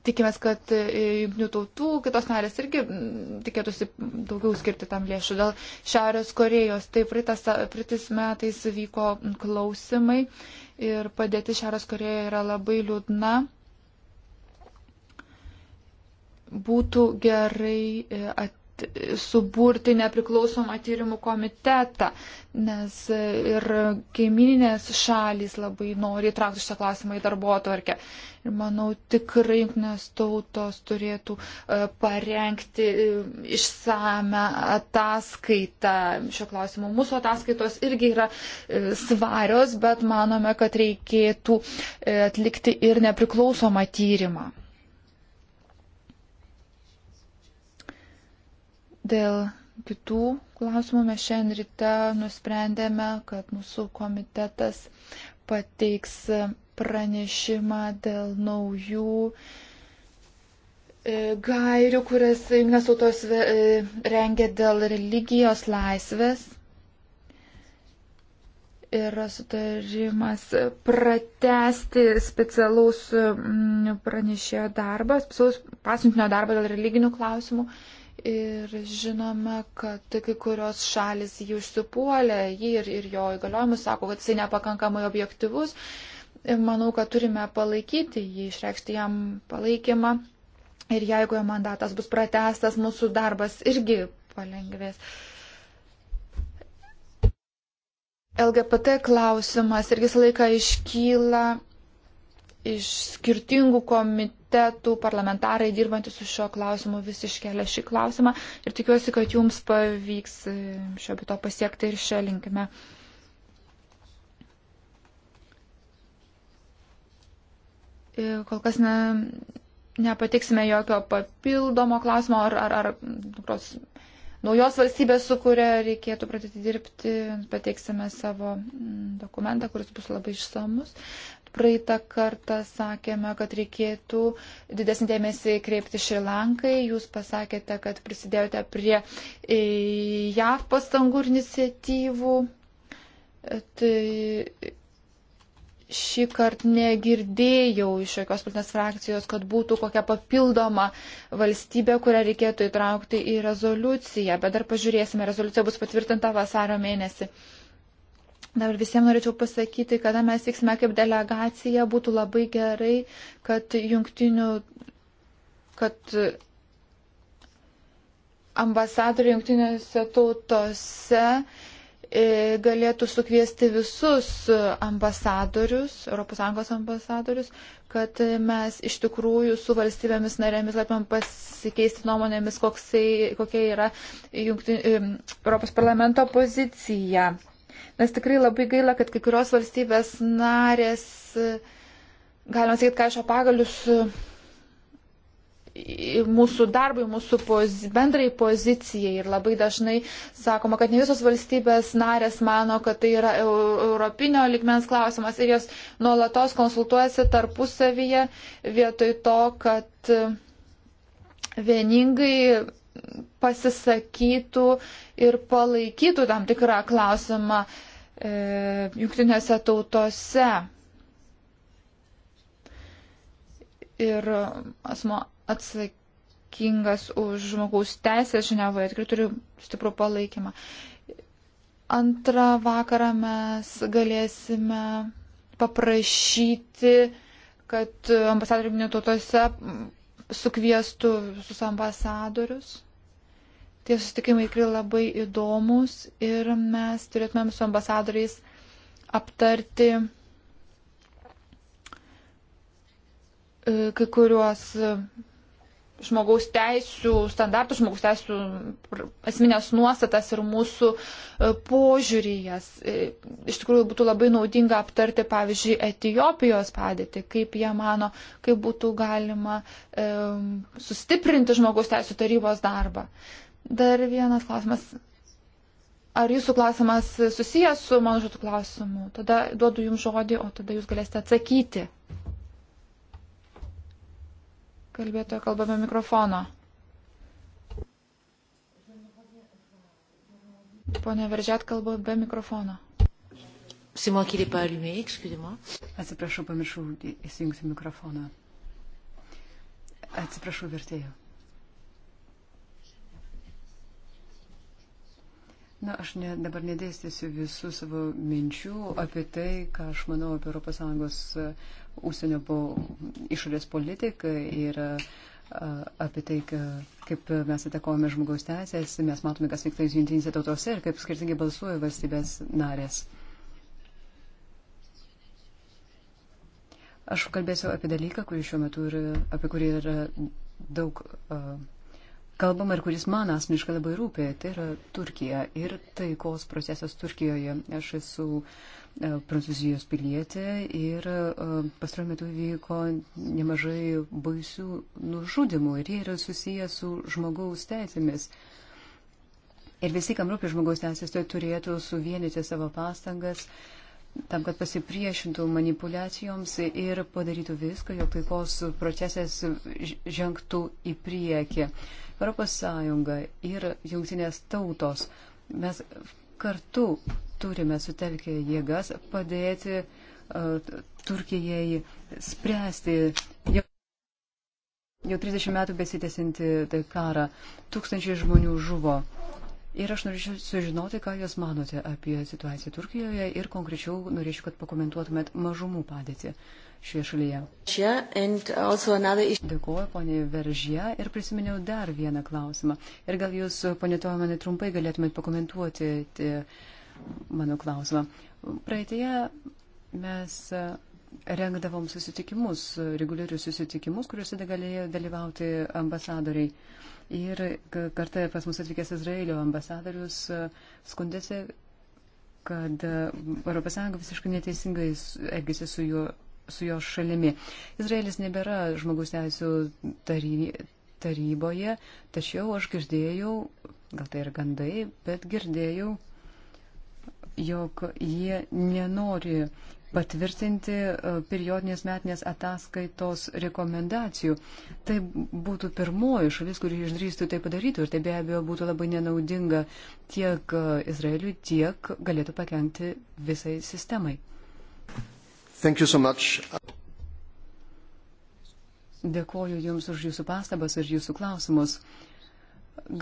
Tikimės, kad e, jungtinių tautų kitos narės irgi mm, tikėtųsi daugiau skirti tam lėšų. Dėl Šiaurės Korejos, tai praeitais metais vyko klausimai ir padėti Šiaurės Korejoje yra labai liūdna. Būtų gerai e, at, suburti nepriklausomą tyrimų komitetą, nes ir kaimininės šalys labai nori įtraukti šią klausimą į darbo atvarkę. Ir manau, tikrai jungtinės tautos turėtų e, parengti e, išsame ataskaitą šio klausimo. Mūsų ataskaitos irgi yra e, svarios, bet manome, kad reikėtų atlikti ir nepriklausomą tyrimą. Dėl kitų klausimų mes šiandien ryte nusprendėme, kad mūsų komitetas pateiks pranešimą dėl naujų e, gairių, kurias Jungtinės tautos e, rengia dėl religijos laisvės. Yra sutarimas pratesti specialaus mm, pranešėjo darbą, specialaus pasiuntinio darbą dėl religinių klausimų. Uh, Ir žinome, kad kai kurios šalis jį užsipuolė, jį ir, ir jo įgaliojimus sako, kad jisai nepakankamai objektivus. Ir manau, kad turime palaikyti jį, išreikšti jam palaikymą. Ir jeigu jo mandatas bus pratestas, mūsų darbas irgi palengvės. LGBT klausimas irgi visą laiką iškyla iš skirtingų komitetų parlamentarai dirbantys su šio klausimu vis iškelia šį klausimą ir tikiuosi, kad jums pavyks e, šio bito pasiekti ir šią linkime. E, kol kas ne, nepatiksime jokio papildomo klausimo ar, ar, ar tos naujos valstybės, su kuria reikėtų pradėti dirbti, pateiksime savo mm, dokumentą, kuris bus labai išsamus. Praeitą kartą sakėme, kad reikėtų didesnį dėmesį kreipti Šrilankai. Jūs pasakėte, kad prisidėjote prie e, JAV pastangų ir iniciatyvų. E, tai šį kartą negirdėjau iš jokios politinės frakcijos, kad būtų kokia papildoma valstybė, kurią reikėtų įtraukti į rezoliuciją, bet dar pažiūrėsime, rezoliucija bus patvirtinta vasario mėnesį. Dar visiems norėčiau pasakyti, kada mes vyksime kaip delegacija, būtų labai gerai, kad jungtinių, kad ambasadoriai jungtinėse tautose e, galėtų sukviesti visus ambasadorius, ES ambasadorius, kad mes iš tikrųjų su valstybėmis narėmis galėtumėm pasikeisti nuomonėmis, koksai, kokia yra jungtin, e, Europos parlamento pozicija. Nes tikrai labai gaila, kad kai kurios valstybės narės, galima sakyti, kažko pagalius mūsų darbui, mūsų poz, bendrai pozicijai. Ir labai dažnai sakoma, kad ne visos valstybės narės mano, kad tai yra europinio likmens klausimas ir jos nuolatos konsultuojasi tarpusavyje vietoj to, kad vieningai pasisakytų ir palaikytų tam tikrą klausimą e, jungtinėse tautose. Ir asmo atsakingas už žmogaus teisės Ženevoje tikrai turiu stiprų palaikymą. Antrą vakarą mes galėsime paprašyti, kad ambasadorių jungtinių tautose sukviestų visus ambasadorius. Tie susitikimai tikrai labai įdomus ir mes turėtumėm su ambasadoriais aptarti e, kai kuriuos žmogaus teisų standartus, žmogaus teisų asmenės nuostatas ir mūsų e, požiūrį jas. E, iš tikrųjų būtų labai naudinga aptarti, pavyzdžiui, Etijopijos padėtį, kaip jie mano, kaip būtų galima e, sustiprinti žmogaus teisų tarybos darbą. Dar vienas klausimas. Ar jūsų klausimas susijęs su mano žodžiu klausimu? Tada duodu jums žodį, o tada jūs galėsite atsakyti. Kalbėtojo kalbame mikrofono. Pone Veržet kalba be mikrofono. Atsiprašau, pamiršau įsijungti mikrofoną. Atsiprašau, vertėjau. Na, aš ne, dabar nedėstysiu visų savo minčių apie tai, ką aš manau apie ES užsienio po, išorės politiką ir apie tai, kaip mes atakojame žmogaus teisės, mes matome, kas vyksta jungtinėse tautose ir kaip skirtingai balsuoja valstybės narės. Aš kalbėsiu apie dalyką, kurį šiuo metu yra, apie kurį yra daug uh, kalbama ir kuris man asmeniškai labai rūpė, tai yra Turkija ir taikos procesas Turkijoje. Aš esu e, prancūzijos pilietė ir e, pastaruoju metu vyko nemažai baisių nužudimų ir jie yra susiję su žmogaus teisėmis. Ir visi, kam rūpi žmogaus teisės, tai turėtų suvienyti savo pastangas tam, kad pasipriešintų manipulacijoms ir padarytų viską, jog taikos procesas žengtų į priekį. ES ir jungtinės tautos. Mes kartu turime sutelkę jėgas padėti uh, Turkijai spręsti jau, jau 30 metų besitėsinti karą. Tūkstančiai žmonių žuvo. Ir aš norėčiau sužinoti, ką Jūs manote apie situaciją Turkijoje ir konkrečiau norėčiau, kad pakomentuotumėt mažumų padėtį šioje šalyje. Another... Dėkuoju, ponė Veržė, ir prisiminiau dar vieną klausimą. Ir gal Jūs, ponė Tuomenė, trumpai galėtumėt pakomentuoti tė, mano klausimą. Praeitėje mes rengdavom susitikimus, reguliarius susitikimus, kuriuose galėjo dalyvauti ambasadoriai. Ir kartą pas mus atvykęs Izraelio ambasadorius e, skundėsi, kad ES visiškai neteisingai elgėsi su juo su jo šalimi. Izraelis nebėra žmogus teisų tary, taryboje, tačiau aš girdėjau, gal tai ir gandai, bet girdėjau, jog jie nenori patvirtinti e, periodinės metinės ataskaitos rekomendacijų. Tai būtų pirmoji šalis, kuri išdrįstų tai padaryti ir tai be abejo būtų labai nenaudinga tiek e, Izraeliui, tiek galėtų pakengti visai sistemai. So much. Dėkoju Jums už Jūsų pastabas ir Jūsų klausimus.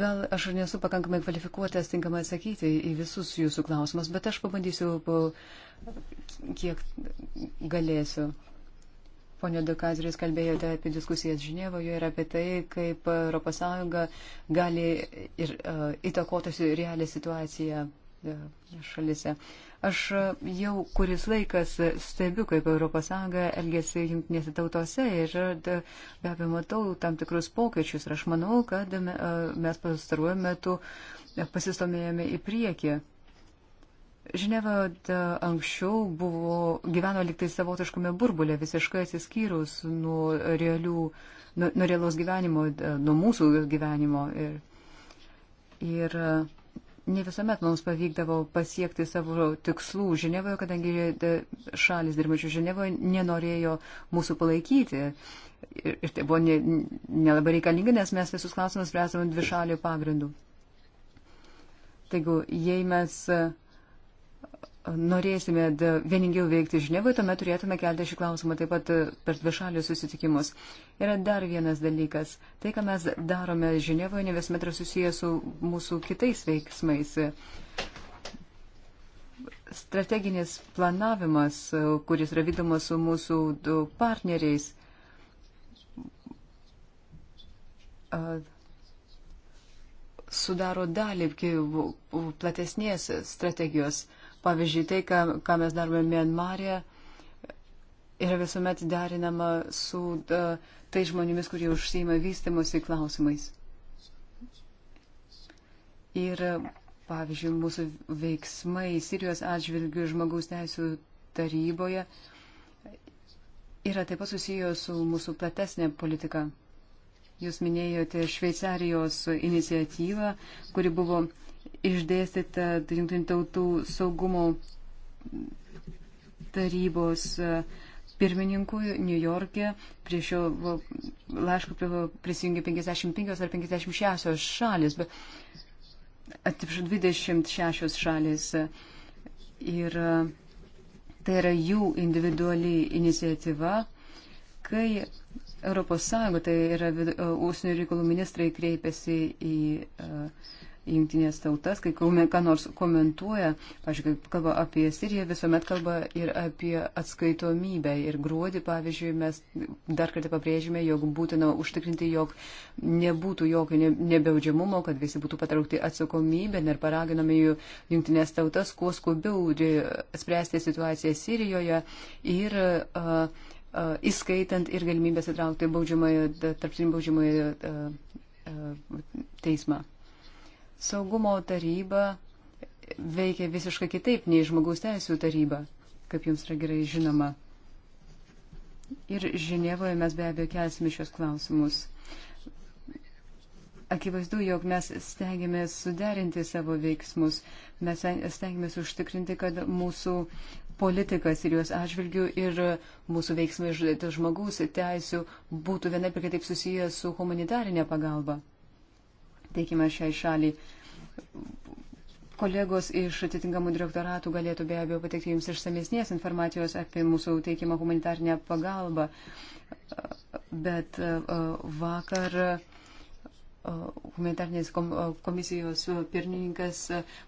Gal aš nesu pakankamai kvalifikuotas tinkamai atsakyti į visus jūsų klausimus, bet aš pabandysiu, kiek galėsiu. Pone Dukazris, kalbėjote apie diskusijas Ženevoje ir apie tai, kaip ES gali ir, uh, e, įtakotasi realią situaciją E, šalise. Aš jau kuris laikas stebiu, kaip ES elgesi jungtinėse tautose ir e, be abejo matau tam tikrus pokyčius ir aš manau, kad e, mes pastaruoju metu pasistomėjome į priekį. Ženeva anksčiau buvo, gyveno liktai savotiškame burbulė, visiškai atsiskyrus nuo, realių, nuo, nuo realaus gyvenimo, nuo mūsų gyvenimo. Ir, ir Ne visuomet mums pavykdavo pasiekti savo tikslų Ženevoje, kadangi šalis dirbančių Ženevoje nenorėjo mūsų palaikyti. Ir tai buvo nelabai ne reikalinga, nes mes visus klausimus spręsime dvišalių pagrindų. Taigi, jei mes norėsime vieningiau veikti Ženevoje, tuomet turėtume kelti šį klausimą taip pat e, per dvišalius susitikimus. Yra dar vienas dalykas. Tai, ką mes darome Ženevoje, ne visuomet yra susijęs su mūsų kitais veiksmais. Strateginis planavimas, e, kuris yra vykdomas su mūsų partneriais. Uh, sudaro dalį platesnės strategijos. Pavyzdžiui, tai, ką, ką mes darome Mianmarė, yra visuomet derinama su uh, tai žmonėmis, kurie užsima vystimosi klausimais. Ir, pavyzdžiui, mūsų veiksmai Sirijos atžvilgių žmogaus teisų taryboje yra taip pat susijęs su mūsų platesnė politika. Jūs minėjote Šveicarijos iniciatyvą, kuri buvo išdėstyta Junktinių tautų saugumo tarybos e, pirmininkui New York'e. Prie šio laiško prisijungė 55 ar 56 šalis, bet atsiprašau, 26 šalis. Ir e, tai yra jų individuali iniciatyva, kai ES, tai yra e, užsienio reikalų ministrai kreipiasi į uh, jungtinės tautas, kai ką nors komentuoja, pažiūrėk, kai kalba apie Siriją, visuomet kalba ir apie atskaitomybę. Ir gruodį, pavyzdžiui, mes dar kartą pabrėžime, jog būtina užtikrinti, jog nebūtų jokio nebeudžiamumo, kad visi būtų patraukti atsakomybę ir paraginame jų jungtinės tautas kuo skubiau spręsti situaciją Sirijoje ir uh, E, įskaitant ir galimybės įtraukti baudžiamąją, tarptautinį baudžiamąją e, e, teismą. Saugumo taryba veikia visiškai kitaip nei žmogaus teisų taryba, kaip jums yra gerai žinoma. Ir Ženevoje mes be abejo kelsime šios klausimus. Akivaizdu, jog mes stengiamės suderinti savo veiksmus, mes stengiamės užtikrinti, kad mūsų politikas ir jos atžvilgių ir mūsų veiksmai dėl žmogaus teisų būtų vienaip ir kitaip susiję su humanitarinė pagalba. Teikime šiai šaliai. Kolegos iš atitinkamų direktoratų galėtų be abejo pateikti jums išsamesnės informacijos apie mūsų teikimą humanitarinę pagalbą. Bet uh, vakar humanitarnės komisijos pirmininkas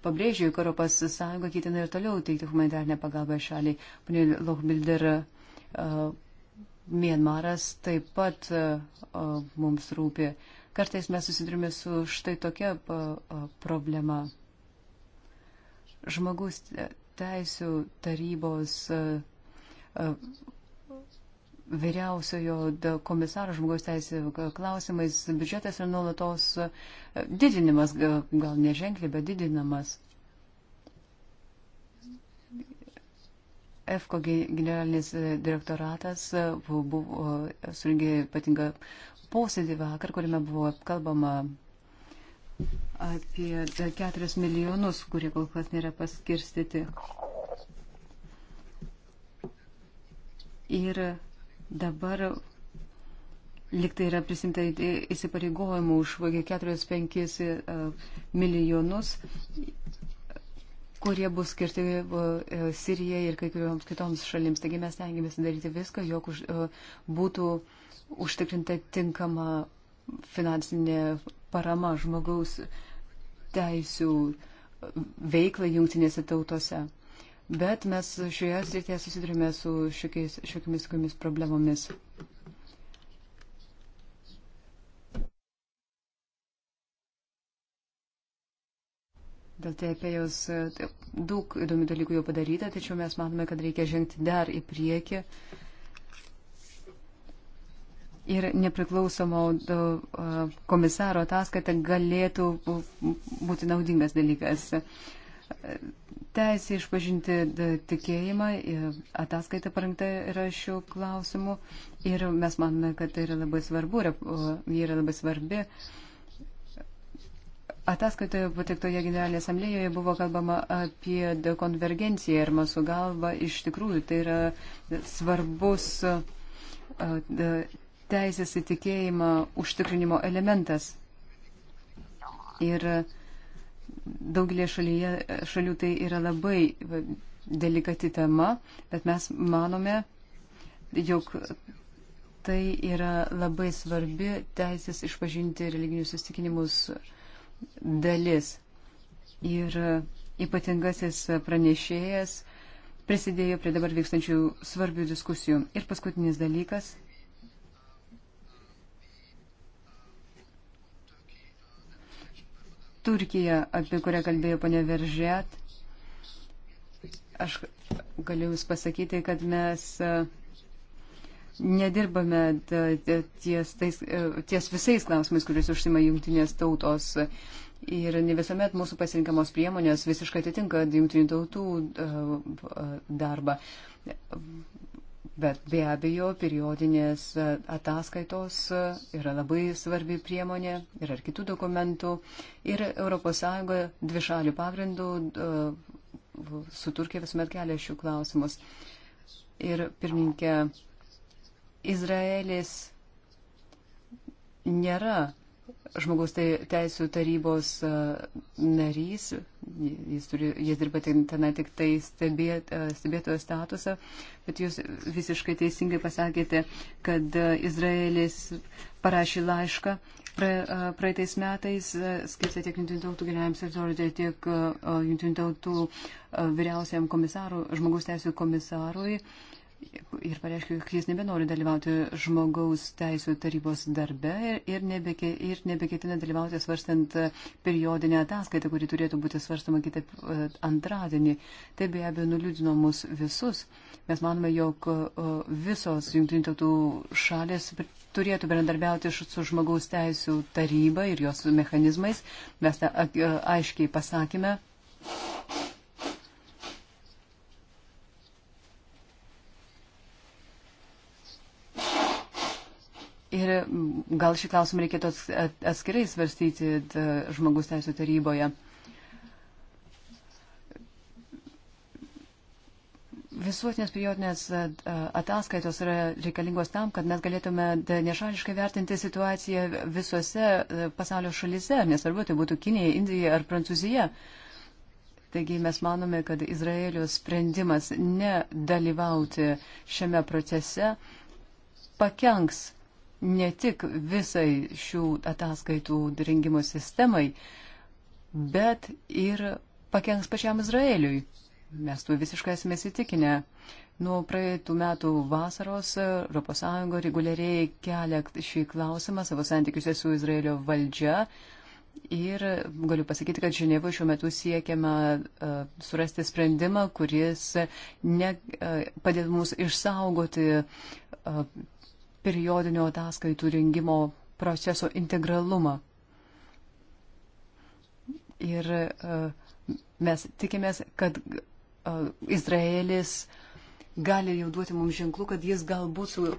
pabrėžė, jog Europos Sąjunga ketina ir toliau teikti humanitarnę pagalbą šaliai. Pane Lochbilder, Mienmaras taip pat mums rūpi. Kartais mes susidurime su štai tokia problema. Žmogus teisų tarybos vyriausiojo komisaro žmogaus teisų klausimais biudžetas yra nuolatos e, didinimas, gal neženkliai, bet didinamas. EFKO generalinis e, direktoratas e, buvo surinkė ypatingą posėdį vakar, kuriame buvo kalbama apie 4 milijonus, kurie kol kas nėra paskirstyti. Ir Dabar liktai yra prisimta įsipareigojimų už 4-5 e, milijonus, kurie bus skirti e, Sirijai ir kai kurioms kitoms šalims. Taigi mes tengiamės daryti viską, jog už, e, būtų užtikrinta tinkama finansinė parama žmogaus teisų veiklai jungtinėse tautose bet mes šioje srityje susidurime su šiokiais, šiokiamis tokiamis problemomis. Dėl TPJAus e, daug įdomių dalykų jau padaryta, tačiau mes matome, kad reikia žengti dar į priekį. Ir nepriklausomo e, komisaro ataskaita galėtų būti naudingas dalykas teisė išpažinti e, tikėjimą, e, ataskaita parengta yra šių klausimų ir mes manome, kad tai yra labai svarbu, jie yra labai svarbi. Ataskaitoje patiktoje Generalinėje asamblėjoje buvo kalbama apie konvergenciją ir mūsų galva iš tikrųjų tai yra svarbus e, teisės įtikėjimą užtikrinimo elementas. Ir uh, daugelį šalyje, šalių tai yra labai delikati tema, bet mes manome, jog tai yra labai svarbi teisės išpažinti religinius įstikinimus dalis. Ir ypatingasis pranešėjas prisidėjo prie dabar vykstančių svarbių diskusijų. Ir paskutinis dalykas Turkija, apie kurią kalbėjo ponia Veržet. Aš galiu Jūs pasakyti, kad mes e, nedirbame ties, tais, e, ties visais klausimais, kuris užsima jungtinės tautos. Ir ne visuomet mūsų pasirinkamos priemonės visiškai atitinka jungtinių tautų e, darbą. Bet be abejo, periodinės e, ataskaitos e, yra labai svarbi priemonė, yra ir kitų dokumentų. Ir ES dvišalių pagrindų e, su Turkija visuomet kelia šių klausimus. Ir pirmininkė, Izraelis nėra žmogaus teisų tarybos narys, jis, turi, jis dirba ten tik tai stebėt, stebėtojo statusą, bet jūs visiškai teisingai pasakėte, kad Izraelis parašė laišką pra, praeitais metais, skirtą tiek Junktinių tautų generaliniam sekretoriui, tiek Junktinių tautų vyriausiam komisarui, žmogaus teisų komisarui. Uh, ir pareiškė, jog jis nebenori dalyvauti žmogaus teisų tarybos darbe ir, nebeke, ir nebeketina dalyvauti svarstant periodinę ataskaitą, kuri turėtų būti svarstama kitaip e, antradienį. Tai be abejo nuliūdino mus visus. Mes manome, jog e, visos jungtinių tautų šalės turėtų bendradarbiauti su žmogaus teisų taryba ir jos mechanizmais. Mes tą aiškiai pasakėme. Ir gal šį klausimą reikėtų atskirai svarstyti žmogus teisų taryboje. Visuotinės prijotinės ataskaitos yra reikalingos tam, kad mes galėtume nešališkai vertinti situaciją visose e, pasaulio šalise, nesvarbu, tai būtų Kinija, Indija ar Prancūzija. Taigi mes manome, kad Izraelio sprendimas nedalyvauti šiame procese pakenks ne tik visai šių ataskaitų rengimo sistemai, bet ir pakenks pačiam Izraeliui. Mes tuo visiškai esame įsitikinę. Nuo praeitų metų vasaros ES reguliariai kelia šį klausimą savo santykiuose su Izraelio valdžia. Ir galiu pasakyti, kad Ženevoje šiuo metu siekiama uh, surasti sprendimą, kuris ne, uh, padėtų mums išsaugoti uh, periodinio ataskaitų rengimo proceso integralumą. Ir e, mes tikimės, kad e, Izraelis gali jau duoti mums ženklų, kad jis galbūt su, e,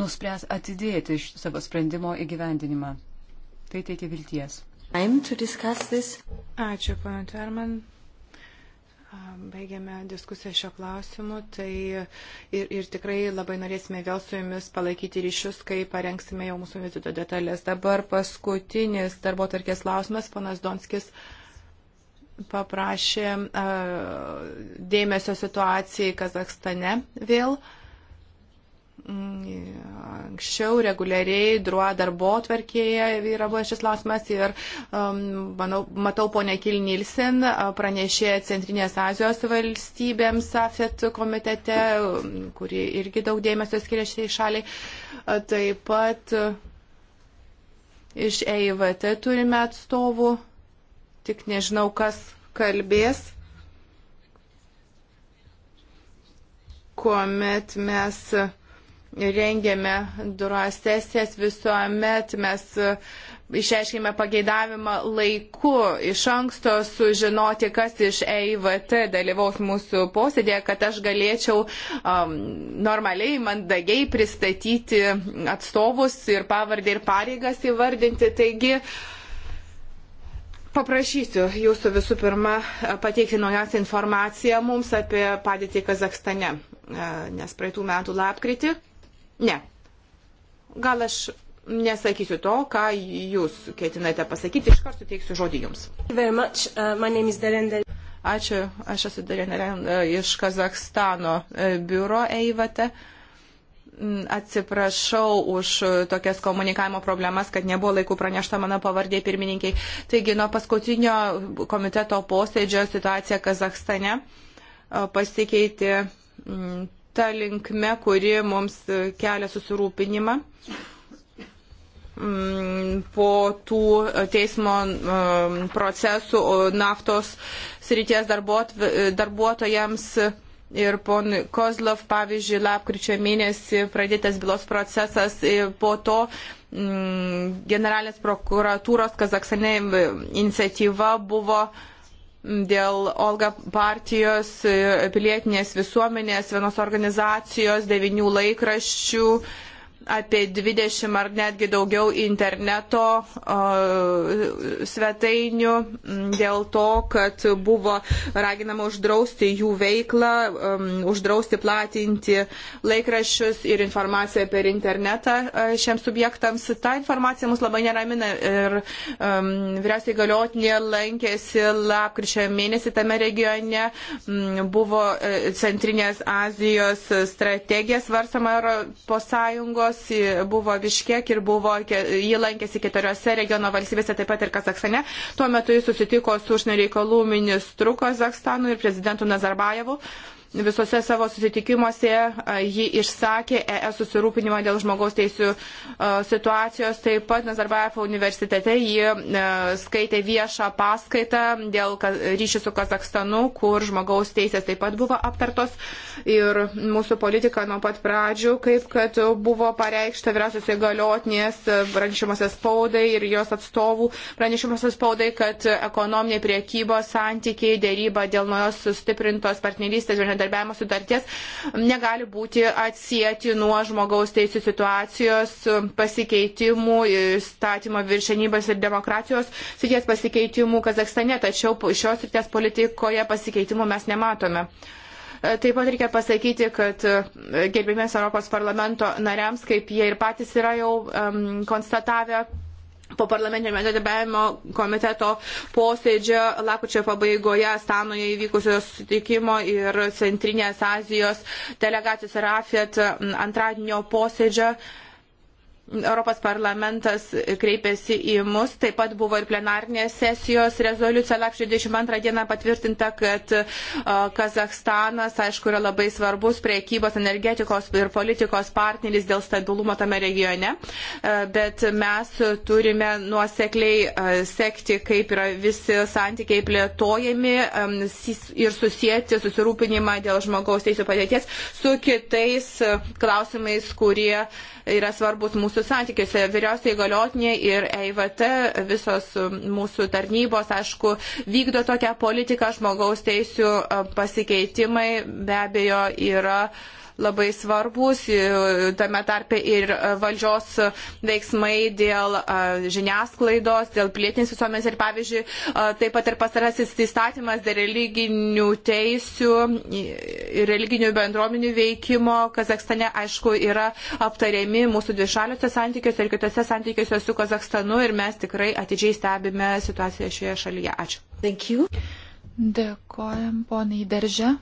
nuspręs atidėti savo sprendimo įgyvendinimą. Tai teikia vilties. Ačiū, pana Tverman. Baigiame diskusiją šio klausimu, tai ir, ir tikrai labai norėsime vėl su jumis palaikyti ryšius, kai parengsime jau mūsų vizito detalės. Dabar paskutinis darbo tarkės klausimas, panas Donskis paprašė uh, dėmesio situacijai Kazakstane vėl. Uh, anksčiau reguliariai druo darbo tvarkėje vyravo šis klausimas ir um, manau, matau ponę Kilnilsen, pranešė Centrinės Azijos valstybėms AFET komitete, um, kuri irgi daug dėmesio skiria šiai šaliai. Taip pat iš EIVT turime atstovų, tik nežinau, kas kalbės. kuomet mes uh, rengėme duros sesijas visuomet, mes e, išreiškėme pageidavimą laiku iš anksto sužinoti, kas iš EIVT dalyvaus mūsų posėdėje, kad aš galėčiau um, normaliai, mandagiai pristatyti atstovus ir pavardį ir pareigas įvardinti. Taigi, Paprašysiu jūsų visų pirma e, pateikti naujausią informaciją mums apie padėtį Kazakstane, e, nes praeitų metų lapkritį Ne. Gal aš nesakysiu to, ką jūs ketinate pasakyti, iš karto teiksiu žodį jums. Uh, Ačiū, aš esu Darenderen e, iš Kazakstano e, biuro EIVT. Mm, atsiprašau už tokias komunikavimo problemas, kad nebuvo laikų pranešta mano pavardė pirmininkiai. Taigi nuo paskutinio komiteto posėdžio situacija Kazakstane e, pasikeitė mm, ta linkme, kuri mums kelia susirūpinimą mm, po tų teismo mm, procesų naftos srities darbuotojams ir pon Kozlov, pavyzdžiui, lapkričio mėnesį pradėtas bylos procesas, po to mm, generalinės prokuratūros Kazakstane iniciatyva buvo uh, dėl Olga partijos, pilietinės visuomenės, vienos organizacijos, devinių laikraščių. Uh, apie 20 ar netgi daugiau interneto svetainių dėl to, kad buvo raginama uždrausti jų veiklą, uždrausti platinti laikraščius ir informaciją per internetą e, šiems subjektams. Ta informacija mus labai neramina ir um, vyriausiai galiotinė lankėsi lapkričio mėnesį tame regione, buvo e, Centrinės Azijos strategija svarstama Europos Sąjungos jos buvo Viškek ir buvo, ji lankėsi keturiose regiono valstybėse, taip pat ir Kazakstane. Tuo metu jis susitiko su užsienio reikalų ministru Kazakstanu ir prezidentu Nazarbajevu. Visose savo susitikimuose ji išsakė ES e susirūpinimą dėl žmogaus teisų situacijos. Taip pat Nazarbayevo universitete ji skaitė viešą paskaitą dėl ryšių su Kazakstanu, kur žmogaus teisės taip pat buvo aptartos. Ir mūsų politika nuo pat pradžių, kaip kad buvo pareikšta vyriausios įgaliotinės pranešimuose spaudai ir jos atstovų pranešimuose spaudai, kad ekonominė priekybo santykiai dėryba dėl naujos sustiprintos partnerystės ir nedarbiavimo bendradarbiavimo sutarties negali būti atsijėti nuo žmogaus teisų situacijos pasikeitimų, statymo viršenybės ir demokratijos srities pasikeitimų Kazakstane, tačiau šios srities politikoje pasikeitimų mes nematome. Taip pat reikia pasakyti, kad e, gerbėmės Europos parlamento nariams, kaip jie ir patys yra jau um, konstatavę, po parlamentinio bendradarbiavimo komiteto posėdžio lakučio pabaigoje Stanoje įvykusio sutikimo ir Centrinės Azijos delegacijos ir AFET antradienio posėdžio. Europos parlamentas kreipėsi į mus, taip pat buvo ir plenarnės sesijos rezoliucija lapšio 22 dieną patvirtinta, kad Kazahstanas, aišku, yra labai svarbus priekybos, energetikos ir politikos partneris dėl stabilumo tame regione, bet mes turime nuosekliai sekti, kaip yra visi santykiai plėtojami ir susijęti susirūpinimą dėl žmogaus teisų padėties su kitais klausimais, kurie yra svarbus mūsų mūsų santykiuose vyriausiai galiotinė ir EIVT, visos um, mūsų tarnybos, aišku, vykdo tokią politiką, žmogaus teisų um, pasikeitimai be abejo yra. Uh, labai svarbus, tame tarpe ir e, valdžios veiksmai dėl e, žiniasklaidos, dėl plėtinės visuomenės ir pavyzdžiui, e, taip pat ir pasarasis įstatymas dėl religinių teisių ir religinių bendruomenių veikimo Kazakstane, aišku, yra aptariami mūsų dvišaliuose santykiuose ir kitose santykiuose su Kazakstanu ir mes tikrai atidžiai stebime situaciją šioje šalyje. Ačiū. Dėkojam poniai Deržė.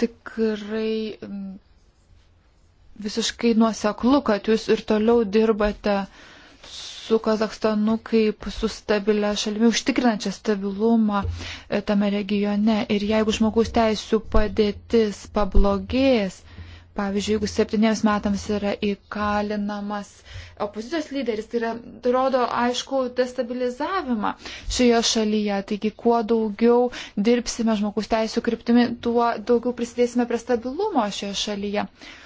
tikrai visiškai nuoseklu, kad jūs ir toliau dirbate su Kazakstanu kaip su stabilia šalimi, užtikrinančia stabilumą e, tame regione. Ir jeigu žmogaus teisų padėtis pablogės, Pavyzdžiui, jeigu septyniems metams yra įkalinamas opozicijos lyderis, tai yra, tai rodo aišku destabilizavimą šioje šalyje. Taigi, kuo daugiau dirbsime žmogus teisų kryptimi, tuo daugiau prisidėsime prie stabilumo šioje šalyje. Uh,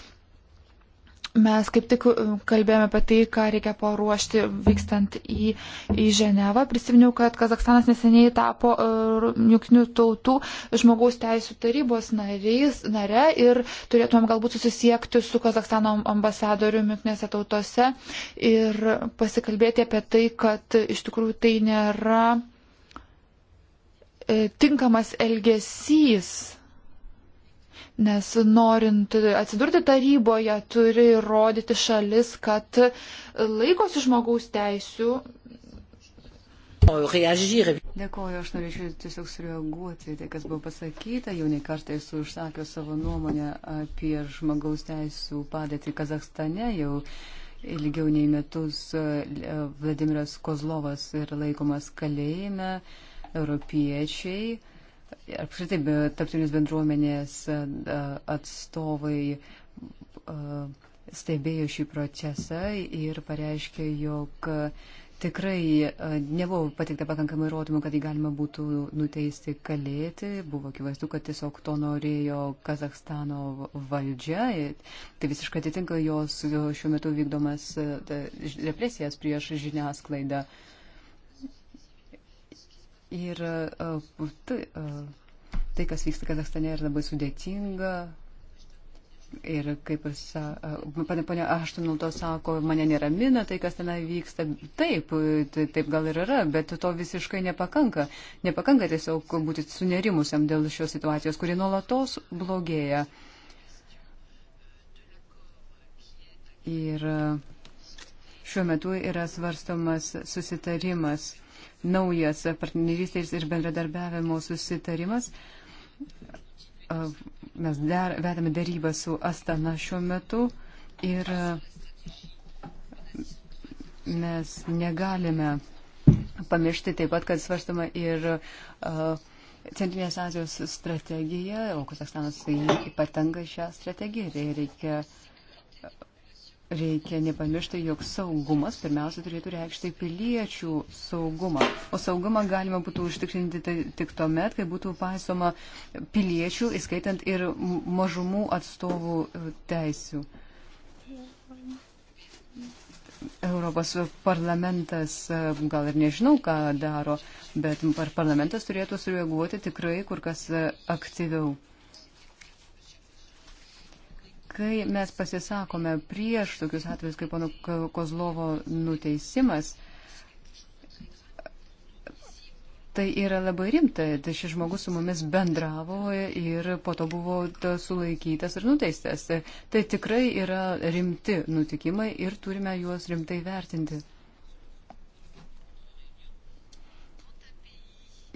Mes kaip tik e, kalbėjome apie tai, ką reikia paruošti vykstant į, į Ženevą. Prisiminiau, kad Kazakstanas neseniai tapo uh, jungtinių tautų žmogaus teisų tarybos nariais, nare ir turėtumėm galbūt susisiekti su Kazakstano ambasadoriumi jungtinėse tautose ir pasikalbėti apie tai, kad iš tikrųjų tai nėra e, tinkamas elgesys Nes norint atsidurti taryboje, turi rodyti šalis, kad laikosi žmogaus teisių. Dėkoju, aš norėčiau tiesiog sureaguoti tai, kas buvo pasakyta. Jau ne kartą esu užsakęs savo nuomonę apie žmogaus teisų padėtį Kazakstane. Jau ilgiau nei metus e, Vladimiras Kozlovas yra laikomas kalėjime, europiečiai apskritai tarptautinės bendruomenės e, atstovai e, stebėjo šį procesą ir pareiškė, jog tikrai e, nebuvo patikta pakankamai įrodymų, kad jį galima būtų nuteisti kalėti. Buvo akivaizdu, kad tiesiog to norėjo Kazakstano valdžia. Tai visiškai atitinka jos šiuo metu vykdomas represijas prieš žiniasklaidą. Uh, Ir e, tai, e, tai kas vyksta Kazakstane, yra labai sudėtinga. Ir kaip ir e, ponia Aštunato sako, mane neramina tai, kas ten vyksta. Taip, tai, taip gal ir yra, bet to visiškai nepakanka. Nepakanka tiesiog būti sunerimusiam dėl šios situacijos, kuri nuolatos blogėja. Ir šiuo metu yra svarstomas susitarimas naujas partnerystės ir bendradarbiavimo susitarimas. Mes dar, vedame darybą su Astana šiuo metu ir mes negalime pamiršti taip pat, kad svarstama ir uh, Centrinės Azijos strategija, o Kazakstanas patenka šią strategiją ir reikia uh, Reikia nepamiršti, jog saugumas pirmiausia turėtų reikšti piliečių saugumą. O saugumą galima būtų užtikrinti tai tik tuo met, kai būtų paisoma piliečių, įskaitant ir mažumų atstovų e, teisių. Europos parlamentas, e, gal ir nežinau, ką daro, bet parlamentas turėtų sureaguoti tikrai kur kas e, aktyviau kai mes pasisakome prieš tokius atvejus kaip pono Kozlovo nuteisimas, tai yra labai rimta. Tai šis žmogus su mumis bendravo ir po to buvo sulaikytas ir nuteistas. Tai tikrai yra rimti nutikimai ir turime juos rimtai vertinti.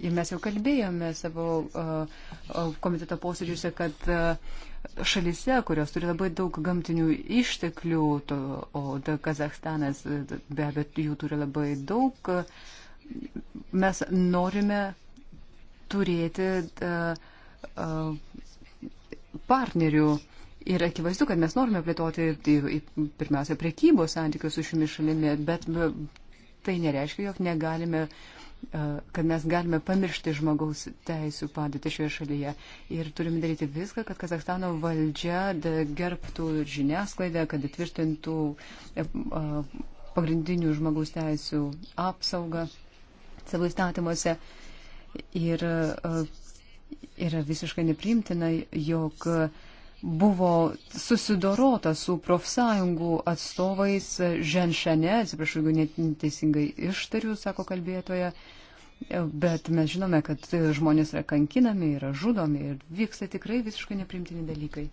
Ir mes jau kalbėjome savo komiteto posėdžiuose, kad šalise, kurios turi labai daug gamtinių išteklių, to, o da, Kazakstanas be abejo jų turi labai daug, mes norime turėti partnerių. Ir akivaizdu, kad mes norime plėtoti pirmiausia priekybos santykius su šiomis šalimi, bet tai nereiškia, jog negalime uh, kad mes galime pamiršti žmogaus teisų padėtį šioje šalyje. Ir turime daryti viską, kad Kazakstano valdžia gerbtų žiniasklaidą, kad įtvirtintų e, pagrindinių žmogaus teisų apsaugą savo įstatymuose. Ir yra visiškai neprimtina, jog buvo susidorota su profsąjungų atstovais Ženšane, atsiprašau, jeigu neteisingai ištariu, sako kalbėtoja. Uh, Bet mes žinome, kad žmonės yra kankinami, yra žudomi ir vyksta tikrai visiškai neprimtini dalykai.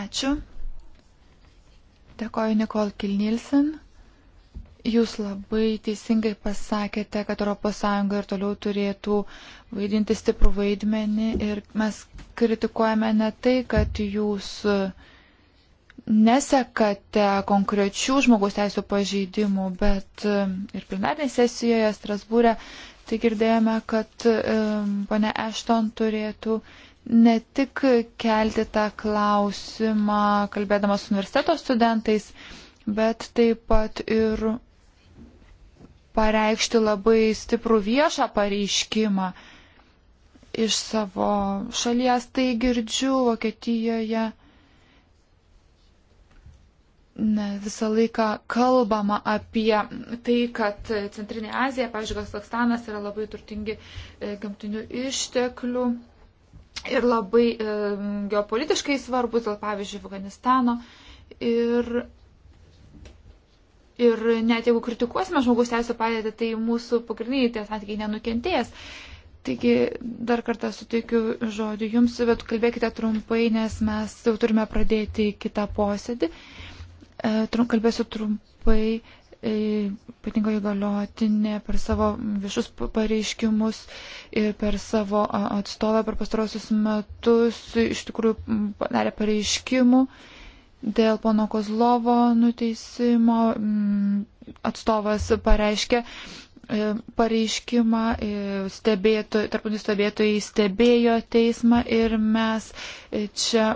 Ačiū. Dėkoju Nikol Kilnilsen. Jūs labai teisingai pasakėte, kad ES ir toliau turėtų vaidinti stiprų vaidmenį ir mes kritikuojame ne tai, kad jūs uh, nesekate konkrečių žmogaus teisų pažeidimų, bet um, ir plenarnėje sesijoje Strasbūrė tai girdėjome, kad um, pane Ešton turėtų ne tik kelti tą klausimą, kalbėdama su universiteto studentais, bet taip pat ir pareikšti labai stiprų viešą pareiškimą iš savo šalies. Tai girdžiu Vokietijoje ne, visą laiką kalbama apie tai, kad Centrinė Azija, pavyzdžiui, Kazakstanas yra labai turtingi e, gamtinių išteklių ir labai e, geopolitiškai svarbus, dėl pavyzdžiui, Afganistano. Ir, ir net jeigu kritikuosime žmogus teisų padėtį, tai mūsų pagrindiniai tie santykiai nenukentės. Taigi dar kartą suteikiu žodį jums, bet kalbėkite trumpai, nes mes jau turime pradėti kitą posėdį. Uh, E, trum, kalbėsiu trumpai, e, ypatingo įgaliotinė per savo viešus pareiškimus ir per savo atstovę per pastarosius metus iš tikrųjų padarė pareiškimų dėl pono Kozlovo nuteisimo. Atstovas pareiškė, E, pareiškimą, e, stebėtoj, tarptautiniai stebėtojai stebėjo teismą ir mes e, čia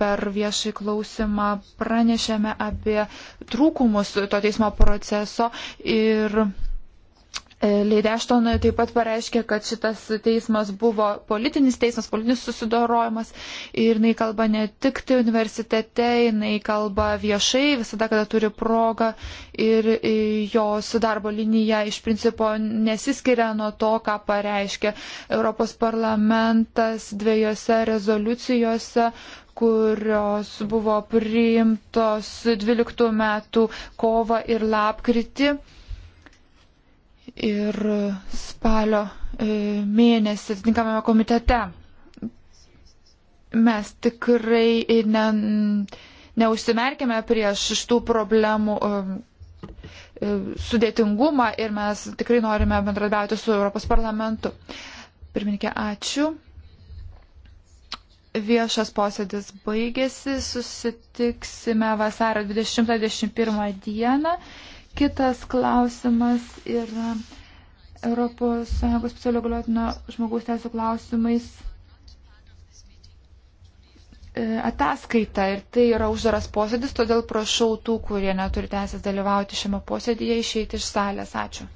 per viešai klausimą pranešėme apie trūkumus to teismo proceso ir E, Leidė Aštonui taip pat pareiškė, kad šitas teismas buvo politinis teismas, politinis susidorojimas ir jinai kalba ne tik tai universitete, jinai kalba viešai, visada, kada turi progą ir e, jos darbo linija iš principo nesiskiria nuo to, ką pareiškė Europos parlamentas dviejose rezoliucijose, kurios buvo priimtos 12 metų kovą ir lapkritį ir spalio e, mėnesį atitinkamame komitete. Mes tikrai ne, neužsimerkime prieš šitų problemų e, e, sudėtingumą ir mes tikrai norime bendradarbiauti su Europos parlamentu. Pirmininkė, ačiū. Viešas posėdis baigėsi, susitiksime vasario 20-21 dieną. Kitas klausimas yra Europos Sąjungos specialio galiotinio žmogaus teisų klausimais e, ataskaita ir tai yra uždaras posėdis, todėl prašau tų, kurie neturi teisės dalyvauti šiame posėdėje, išeiti iš salės. Ačiū.